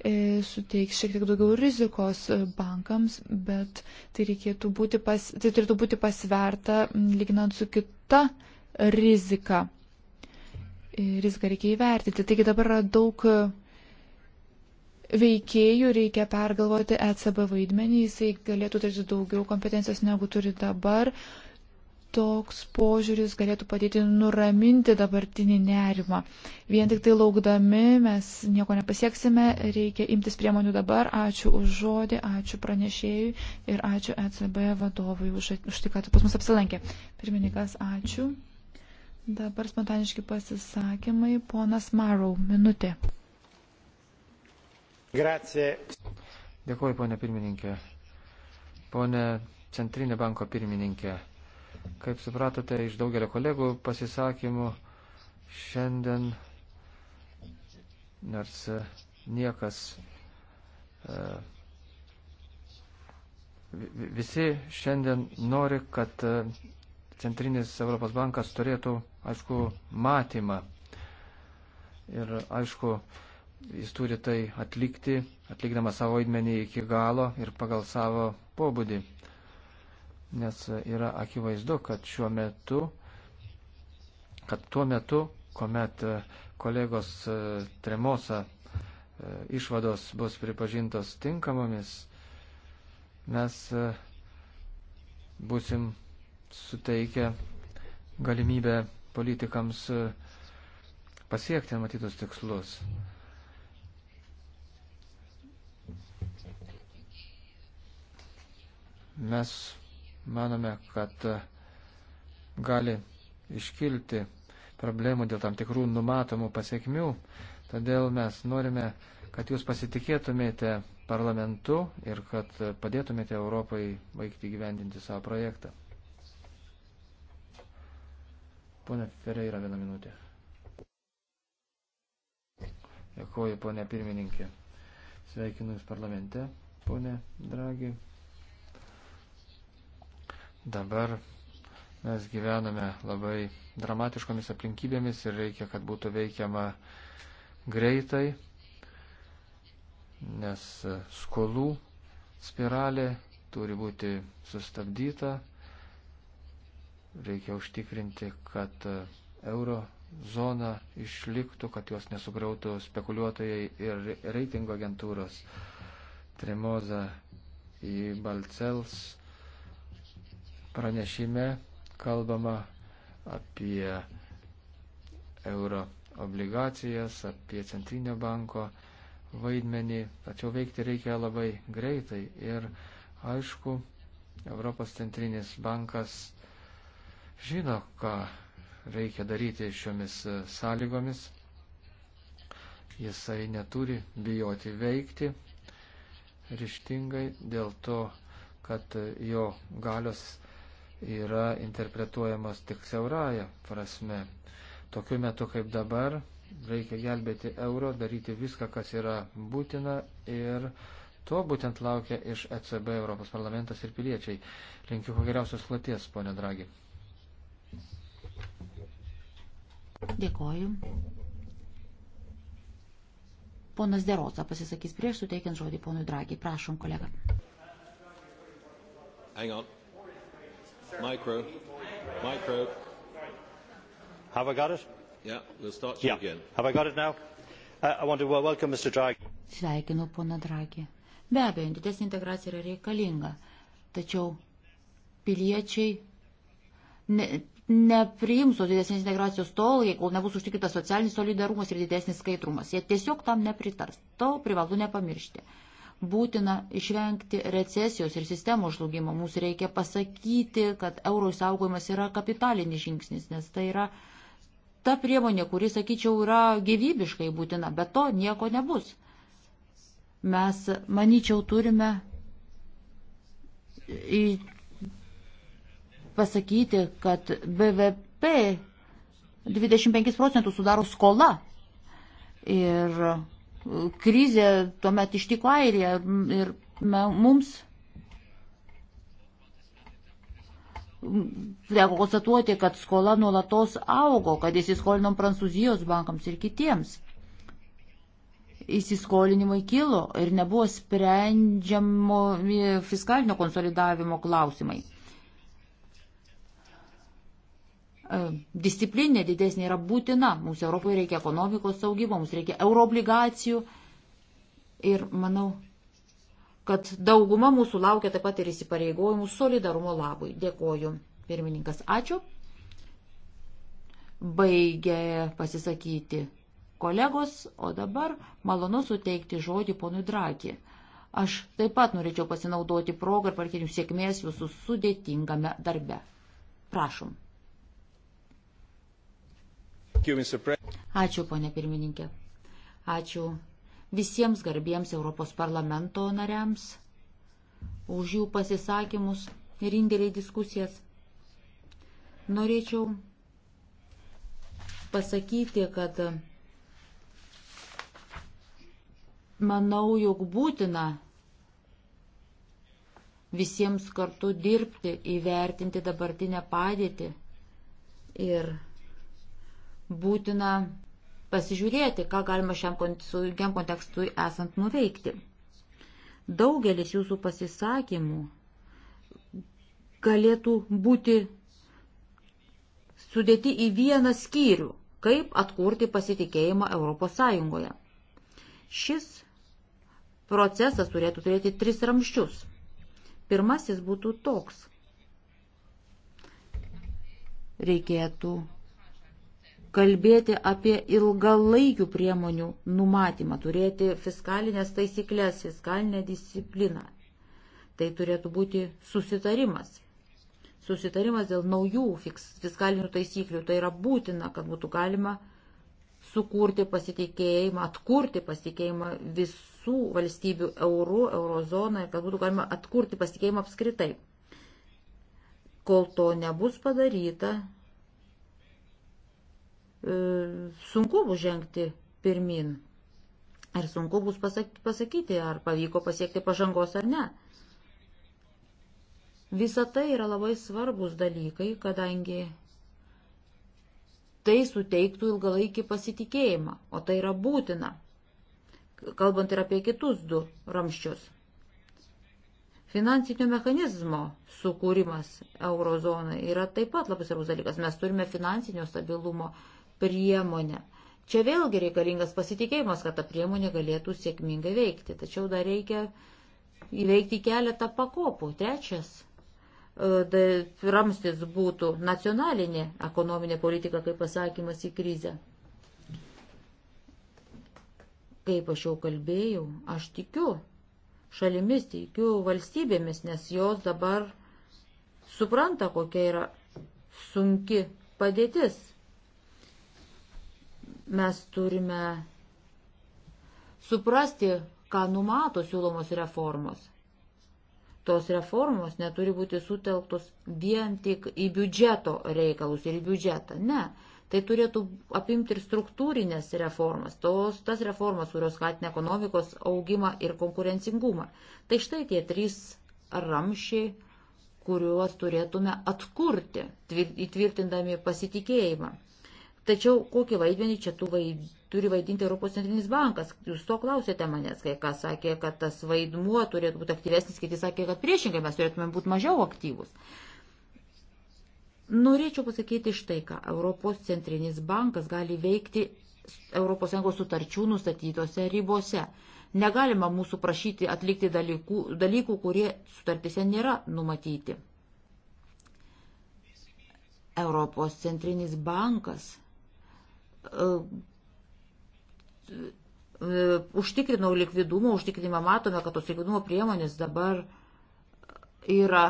e, suteiks šiek tiek daugiau rizikos e, bankams, bet tai, būti pas, tai turėtų būti pasverta lyginant su kita rizika. E, riziką reikia įvertinti. Taigi dabar yra daug. E, veikėjų reikia pergalvoti ECB vaidmenį, jisai galėtų turėti daugiau kompetencijos negu turi dabar. Toks požiūris galėtų padėti nuraminti dabartinį nerimą. Vien tik tai laukdami mes nieko nepasieksime, reikia imtis priemonių dabar. Ačiū už žodį, ačiū pranešėjui ir ačiū ECB vadovui už, už tai, kad pas mus apsilankė. Pirmininkas, ačiū. Dabar spontaniški pasisakymai. Ponas Marau, minutė. Grazie. Dėkuoju, ponė pirmininkė. Pone Centrinė banko pirmininkė, kaip supratote iš daugelio kolegų pasisakymų, šiandien nors e, niekas, e, visi šiandien nori, kad e, Centrinis Europos bankas turėtų, aišku, matymą. Ir, aišku, jis turi tai atlikti, atlikdamas savo vaidmenį iki galo ir pagal savo pobūdį. Nes yra akivaizdu, kad šiuo metu, kad tuo metu, kuomet e, kolegos e, Tremosa e, išvados bus pripažintos tinkamomis, mes busim suteikę galimybę politikams pasiekti matytus tikslus. Mes manome, kad e, gali iškilti problemų dėl tam tikrų numatomų pasiekmių, todėl mes norime, kad jūs pasitikėtumėte parlamentu ir kad padėtumėte Europai baigti gyvendinti savo projektą. Pone Ferreira, vieną minutę. Dėkuoju, ponė pirmininkė. Sveikinu Jūs parlamente, ponė Dragi. Dabar mes gyvename labai dramatiškomis aplinkybėmis ir reikia, kad būtų veikiama greitai, nes skolų spiralė turi būti sustabdyta. Reikia užtikrinti, kad euro zona išliktų, kad juos nesugriautų spekuliuotojai ir reitingo agentūros. Tremoza į Balcels Pranešime kalbama apie euro obligacijas, apie centrinio banko vaidmenį, tačiau veikti reikia labai greitai ir aišku, Europos centrinis bankas žino, ką reikia daryti šiomis sąlygomis, jisai neturi bijoti veikti ryštingai dėl to, kad jo galios yra interpretuojamos tik siauraja prasme. Tokiu metu kaip dabar reikia gelbėti euro, daryti viską, kas yra būtina ir to būtent laukia iš ECB Europos parlamentas ir piliečiai. Linkiu kuo geriausios kloties, ponė Dragi. Dėkoju. Ponas Derosa pasisakys prieš suteikiant žodį ponui Dragi. Prašom, kolega. Hang on. Micro. Micro. Have I got it? Yeah, we'll start you yeah. again. Have I got it now? Uh, I want to welcome Mr. Draghi. Sveikinu, pona Draghi. Be abejo, didesnė integracija yra reikalinga, tačiau piliečiai ne, nepriims tos didesnės integracijos tol, jeigu nebus užtikrintas socialinis solidarumas ir didesnis skaidrumas. Jie tiesiog tam nepritars. To privalu nepamiršti. Uh, būtina išvengti recesijos ir sistemos žlugimo. Mums reikia pasakyti, kad euro saugojimas yra kapitalinis žingsnis, nes tai yra ta priemonė, kuri, sakyčiau, yra gyvybiškai būtina, bet to nieko nebus. Mes, manyčiau, turime į pasakyti, kad BVP 25 procentų sudaro skola. Ir krizė tuomet ištiko Airiją ir mums teko konstatuoti, kad skola nuolatos augo, kad įsiskolinom Prancūzijos bankams ir kitiems. Įsiskolinimai kilo ir nebuvo sprendžiamo e, fiskalinio konsolidavimo klausimai. E, disciplinė didesnė yra būtina. Mums Europoje reikia ekonomikos saugimo, mums reikia euroobligacijų. Ir manau, kad dauguma mūsų laukia taip pat ir įsipareigojimų solidarumo labui. Dėkoju, pirmininkas. Ačiū. Baigė pasisakyti kolegos, o dabar malonu suteikti žodį ponui Draki. Aš taip pat norėčiau pasinaudoti progą ir parkėti jums sėkmės jūsų sudėtingame darbe. Prašom. Ačiū, ponė pirmininkė. Ačiū visiems garbiems Europos parlamento nariams už jų pasisakymus ir indėlį į diskusijas. Norėčiau pasakyti, kad manau, jog būtina visiems kartu dirbti, įvertinti dabartinę padėtį ir būtina pasižiūrėti, ką galima šiam sunkiam kontekstui esant nuveikti. Daugelis jūsų pasisakymų galėtų būti sudėti į vieną skyrių, kaip atkurti pasitikėjimą ES. Šis procesas turėtų turėti tris ramščius. Pirmasis būtų toks. Reikėtų kalbėti apie ilgalaikių priemonių numatymą, turėti fiskalinės taisyklės, fiskalinę discipliną. Tai turėtų būti susitarimas. Susitarimas dėl naujų fiskalinių taisyklių. Tai yra būtina, kad būtų galima sukurti pasitikėjimą, atkurti pasitikėjimą visų valstybių eurų, eurozoną ir kad būtų galima atkurti pasitikėjimą apskritai. Kol to nebus padaryta, E, sunku bus žengti pirmin. Ir sunku bus pasakyti, ar pavyko pasiekti pažangos ar ne. Visa tai yra labai svarbus dalykai, kadangi tai suteiktų ilgalaikį pasitikėjimą, o tai yra būtina, kalbant ir apie kitus du ramščius. Finansinio mechanizmo sukūrimas eurozonai yra taip pat labai svarbus dalykas. Mes turime finansinio stabilumo uh, priemonę. Čia vėlgi reikalingas pasitikėjimas, kad ta priemonė galėtų sėkmingai veikti. Tačiau dar reikia įveikti keletą pakopų. Trečias e, ramstis būtų nacionalinė ekonominė politika, kaip pasakymas į krizę. Kaip aš jau kalbėjau, aš tikiu šalimis, tikiu valstybėmis, nes jos dabar supranta, kokia yra sunki padėtis Mes turime suprasti, ką numato siūlomos reformos. Tos reformos neturi būti sutelktos vien tik į biudžeto reikalus ir į biudžetą. Ne, tai turėtų apimti ir struktūrinės reformas, tos, tas reformas, kurios skatina ekonomikos augimą ir konkurencingumą. Tai štai tie trys ramšiai, kuriuos turėtume atkurti, įtvirtindami pasitikėjimą. Tačiau kokį vaidmenį čia vaid... turi vaidinti Europos centrinis bankas? Jūs to klausėte manęs, kai kas sakė, kad tas vaidmuo turėtų būti aktyvesnis, kiti sakė, kad priešingai mes turėtume būti mažiau aktyvus. Norėčiau pasakyti štai ką. Europos centrinis bankas gali veikti ES sutarčių nustatytose ribose. Negalima mūsų prašyti atlikti dalykų, dalykų kurie sutartise nėra numatyti. Europos centrinis bankas Ehm, užtikrinau likvidumą, užtikrinimą matome, kad tos likvidumo priemonės dabar yra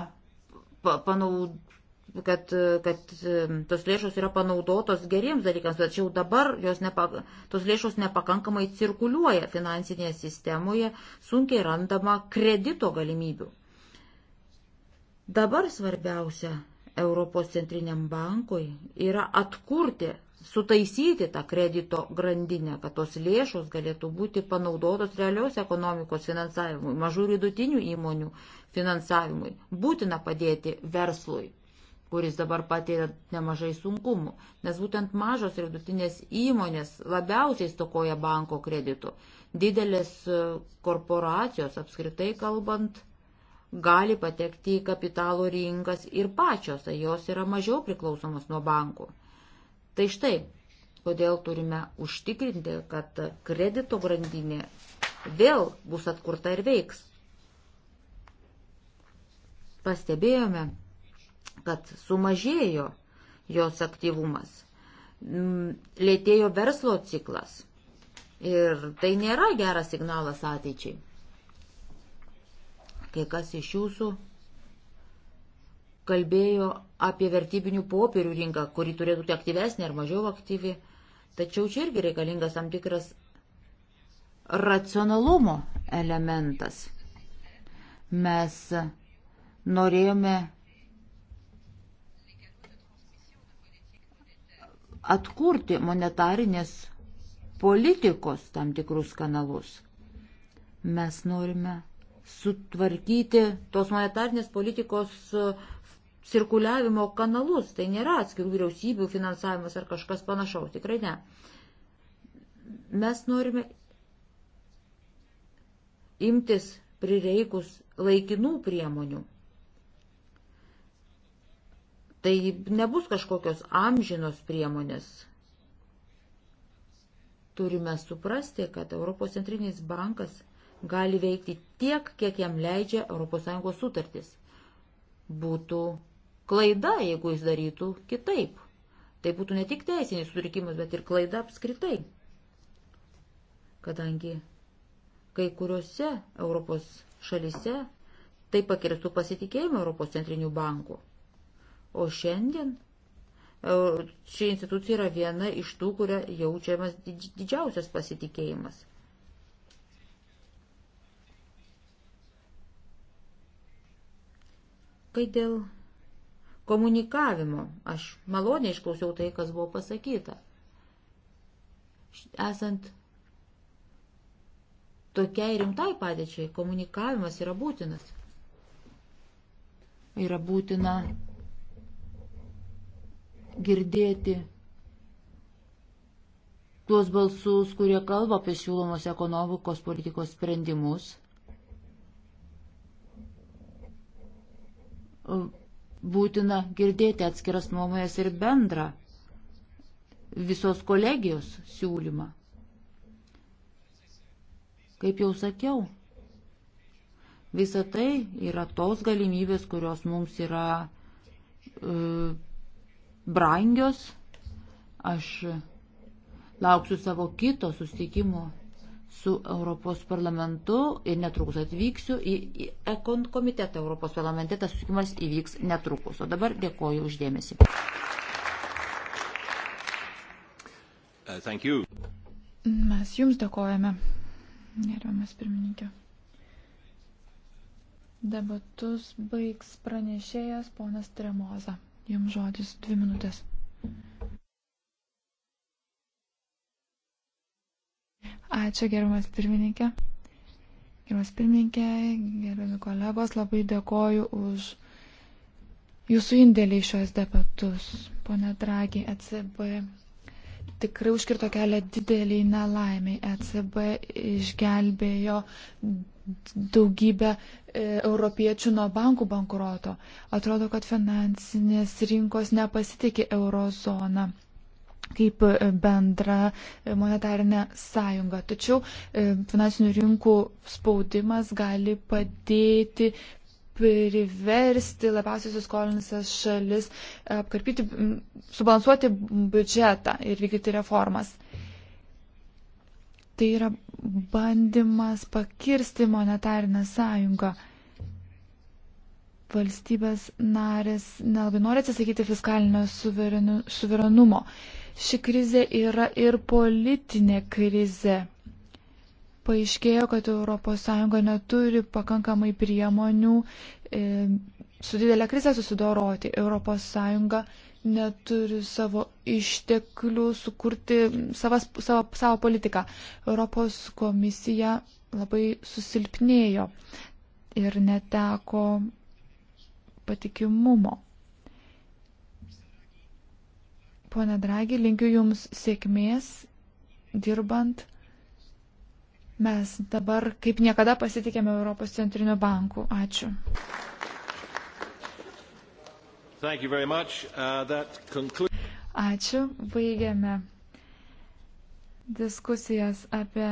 panaudojamos kad, kad ehm, tos lėšos yra panaudotos geriems dalykams, tačiau dabar jos nepa, tos lėšos nepakankamai cirkuliuoja finansinėje sistemoje, sunkiai randama kredito galimybių. Dabar svarbiausia Europos centriniam bankui yra atkurti sutaisyti tą kredito grandinę, kad tos lėšos galėtų būti panaudotos realios ekonomikos finansavimui, mažų ir vidutinių įmonių finansavimui. Būtina padėti verslui, kuris dabar patiria nemažai sunkumų, nes būtent mažos ir vidutinės įmonės labiausiai stokoja banko kreditų. Didelės e, korporacijos, apskritai kalbant, gali patekti į kapitalo rinkas ir pačios, tai jos yra mažiau priklausomos nuo bankų. Tai štai, kodėl turime užtikrinti, kad kredito grandinė vėl bus atkurta ir veiks. Pastebėjome, kad sumažėjo jos aktyvumas, mm, lėtėjo verslo ciklas ir tai nėra geras signalas ateičiai. Kai kas iš jūsų kalbėjo apie vertybinių popierių rinką, kuri turėtų būti aktyvesnė ar mažiau aktyvi. Tačiau čia irgi reikalingas tam tikras racionalumo elementas. Mes norėjome atkurti monetarinės politikos tam tikrus kanalus. Mes norime sutvarkyti tos monetarnės politikos cirkuliavimo kanalus. Tai nėra atskirų vyriausybių finansavimas ar kažkas panašaus, tikrai ne. Mes norime imtis prireikus laikinų priemonių. Tai nebus kažkokios amžinos priemonės. Turime suprasti, kad Europos centrinis bankas gali veikti tiek, kiek jam leidžia ES sutartis. Būtų klaida, jeigu jis darytų kitaip. Tai būtų ne tik teisinis sutrikimas, bet ir klaida apskritai. Kadangi kai kuriuose Europos šalise tai pakirstų pasitikėjimą Europos centrinių bankų. O šiandien e, ši institucija yra viena iš tų, kuria jaučiamas didžiausias pasitikėjimas. Kai dėl komunikavimo. Aš maloniai išklausiau tai, kas buvo pasakyta. Esant tokiai rimtai padėčiai, komunikavimas yra būtinas. Yra būtina girdėti tuos balsus, kurie kalba apie siūlomos ekonomikos politikos sprendimus būtina girdėti atskiras nuomonės ir bendrą visos kolegijos siūlymą. Kaip jau sakiau, visa tai yra tos galimybės, kurios mums yra e, brangios. Aš lauksiu savo kito sustikimo su Europos parlamentu ir netrukus atvyksiu į, į Ekon komitetą Europos parlamente. Tas susitikimas įvyks netrukus. O dabar dėkoju uždėmesi. Uh, Mes jums dėkojame, gerbiamas pirmininkė. Debatus baigs pranešėjas ponas Tremoza. Jums žodis dvi minutės. Ačiū, gerbiamas pirmininkė. Gerbiamas pirmininkė, gerbiami kolegos, labai dėkoju už jūsų indėlį į šios debatus. Pone Dragi, ECB tikrai užkirto kelią dideliai nelaimiai. ECB išgelbėjo daugybę e, europiečių nuo bankų bankroto. Atrodo, kad finansinės rinkos nepasitikė eurozoną kaip e, bendra e, monetarinė sąjunga. Tačiau e, finansinių rinkų spaudimas gali padėti priversti labiausiai suskolinusias šalis apkarpyti, subalansuoti biudžetą ir vykdyti reformas. Tai yra bandymas pakirsti monetarinę sąjungą valstybės narės nelabai nori atsisakyti fiskalinio suverenumo. Ši krizė yra ir politinė krizė. Paaiškėjo, kad ES neturi pakankamai priemonių e, su didelė krize susidoroti. ES neturi savo išteklių sukurti savas, savo, savo politiką. Europos komisija labai susilpnėjo ir neteko patikimumo. Pone Dragi, linkiu Jums sėkmės dirbant. Mes dabar kaip niekada pasitikėme Europos centriniu banku. Ačiū. Uh, concludes... Ačiū. Baigiame diskusijas apie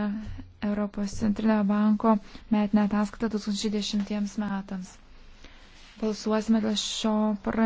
Europos centrinio banko metinę ataskaitą 2010 metams. Balsuosime dėl šio pra